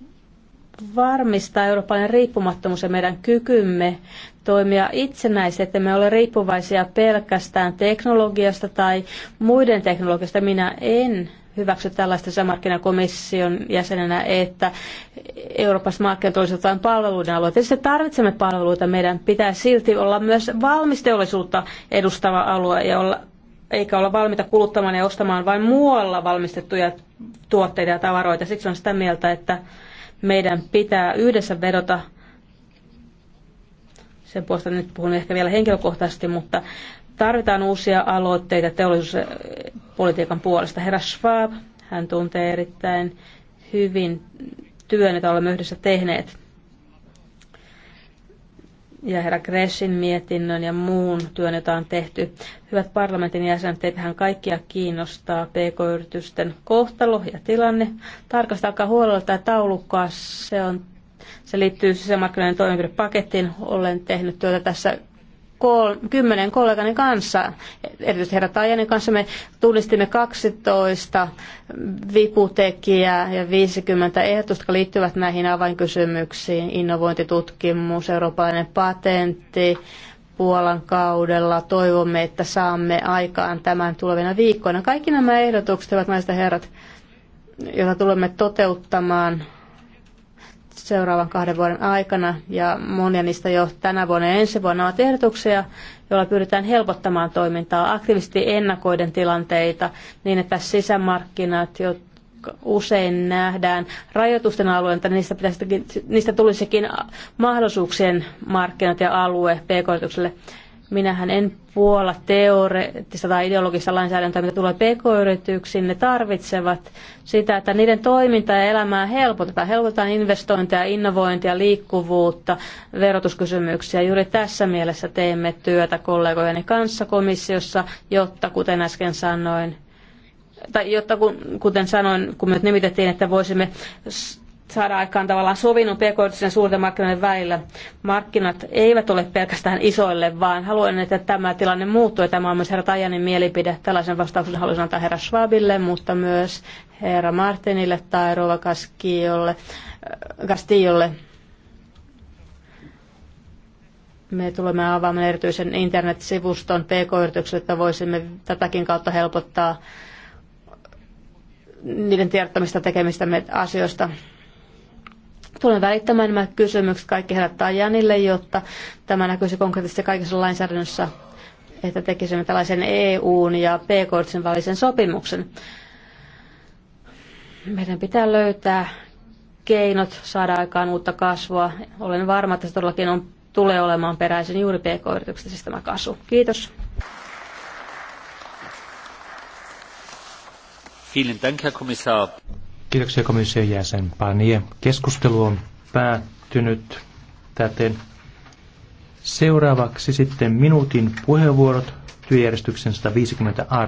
varmistaa eurooppalainen riippumattomuus ja meidän kykymme toimia itsenäisesti, että me ole riippuvaisia pelkästään teknologiasta tai muiden teknologiasta. Minä en hyväksy tällaista sisämarkkinakomission jäsenenä, että Euroopassa markkinat olisivat vain palveluiden alue. Tietysti tarvitsemme palveluita, meidän pitää silti olla myös valmisteollisuutta edustava alue ja olla, eikä olla valmiita kuluttamaan ja ostamaan vain muualla valmistettuja tuotteita ja tavaroita. Siksi on sitä mieltä, että meidän pitää yhdessä vedota sen puolesta nyt puhun ehkä vielä henkilökohtaisesti, mutta Tarvitaan uusia aloitteita teollisuuspolitiikan puolesta. Herra Schwab, hän tuntee erittäin hyvin työn, jota olemme yhdessä tehneet. Ja herra Gressin mietinnön ja muun työn, jota on tehty. Hyvät parlamentin jäsenet, teitähän kaikkia kiinnostaa pk-yritysten kohtalo ja tilanne. Tarkastakaa huolella tämä taulukkaa. Se, on, se liittyy sisämarkkinoiden toimenpidepakettiin. Olen tehnyt työtä tässä kol- kymmenen kollegani kanssa, erityisesti herra Tajanin kanssa, me tunnistimme 12 viputekijää ja 50 ehdotusta, jotka liittyvät näihin avainkysymyksiin, innovointitutkimus, eurooppalainen patentti, Puolan kaudella. Toivomme, että saamme aikaan tämän tulevina viikkoina. Kaikki nämä ehdotukset, ovat näistä herrat, joita tulemme toteuttamaan seuraavan kahden vuoden aikana, ja monia niistä jo tänä vuonna ja ensi vuonna on ehdotuksia, joilla pyritään helpottamaan toimintaa aktiivisesti ennakoiden tilanteita niin, että sisämarkkinat, jotka usein nähdään rajoitusten alueelta, niin niistä, pitäisi, niistä tulisikin mahdollisuuksien markkinat ja alue pk-yritykselle. Minähän en puola teoreettista tai ideologista lainsäädäntöä, mitä tulee pk-yrityksiin. Ne tarvitsevat sitä, että niiden toimintaa ja elämää helpotetaan. Helpotetaan investointeja, innovointia, liikkuvuutta, verotuskysymyksiä. Juuri tässä mielessä teemme työtä kollegojeni kanssa komissiossa, jotta kuten äsken sanoin, tai jotta kuten sanoin, kun me nimitettiin, että voisimme saada aikaan tavallaan sovinnon pk ja suurten markkinoiden välillä. Markkinat eivät ole pelkästään isoille, vaan haluan, että tämä tilanne muuttuu. Ja tämä on myös herra Tajanin mielipide. Tällaisen vastauksen haluaisin antaa herra Schwabille, mutta myös herra Martinille tai Rova Castillolle. Äh, Castillolle. Me tulemme avaamaan erityisen internetsivuston pk-yritykselle, että voisimme tätäkin kautta helpottaa niiden tiedottamista tekemistä asioista tulen välittämään nämä kysymykset kaikki herrat Tajanille, jotta tämä näkyisi konkreettisesti kaikessa lainsäädännössä, että tekisimme tällaisen EUn ja PK-yrityksen välisen sopimuksen. Meidän pitää löytää keinot saada aikaan uutta kasvua. Olen varma, että se todellakin on, tulee olemaan peräisin juuri PK-yrityksistä siis tämä kasvu. Kiitos. Vielen Dank, Herr Kommissar. Kiitoksia komission jäsen Panie. Keskustelu on päättynyt täten. Seuraavaksi sitten minuutin puheenvuorot työjärjestyksen 150 a.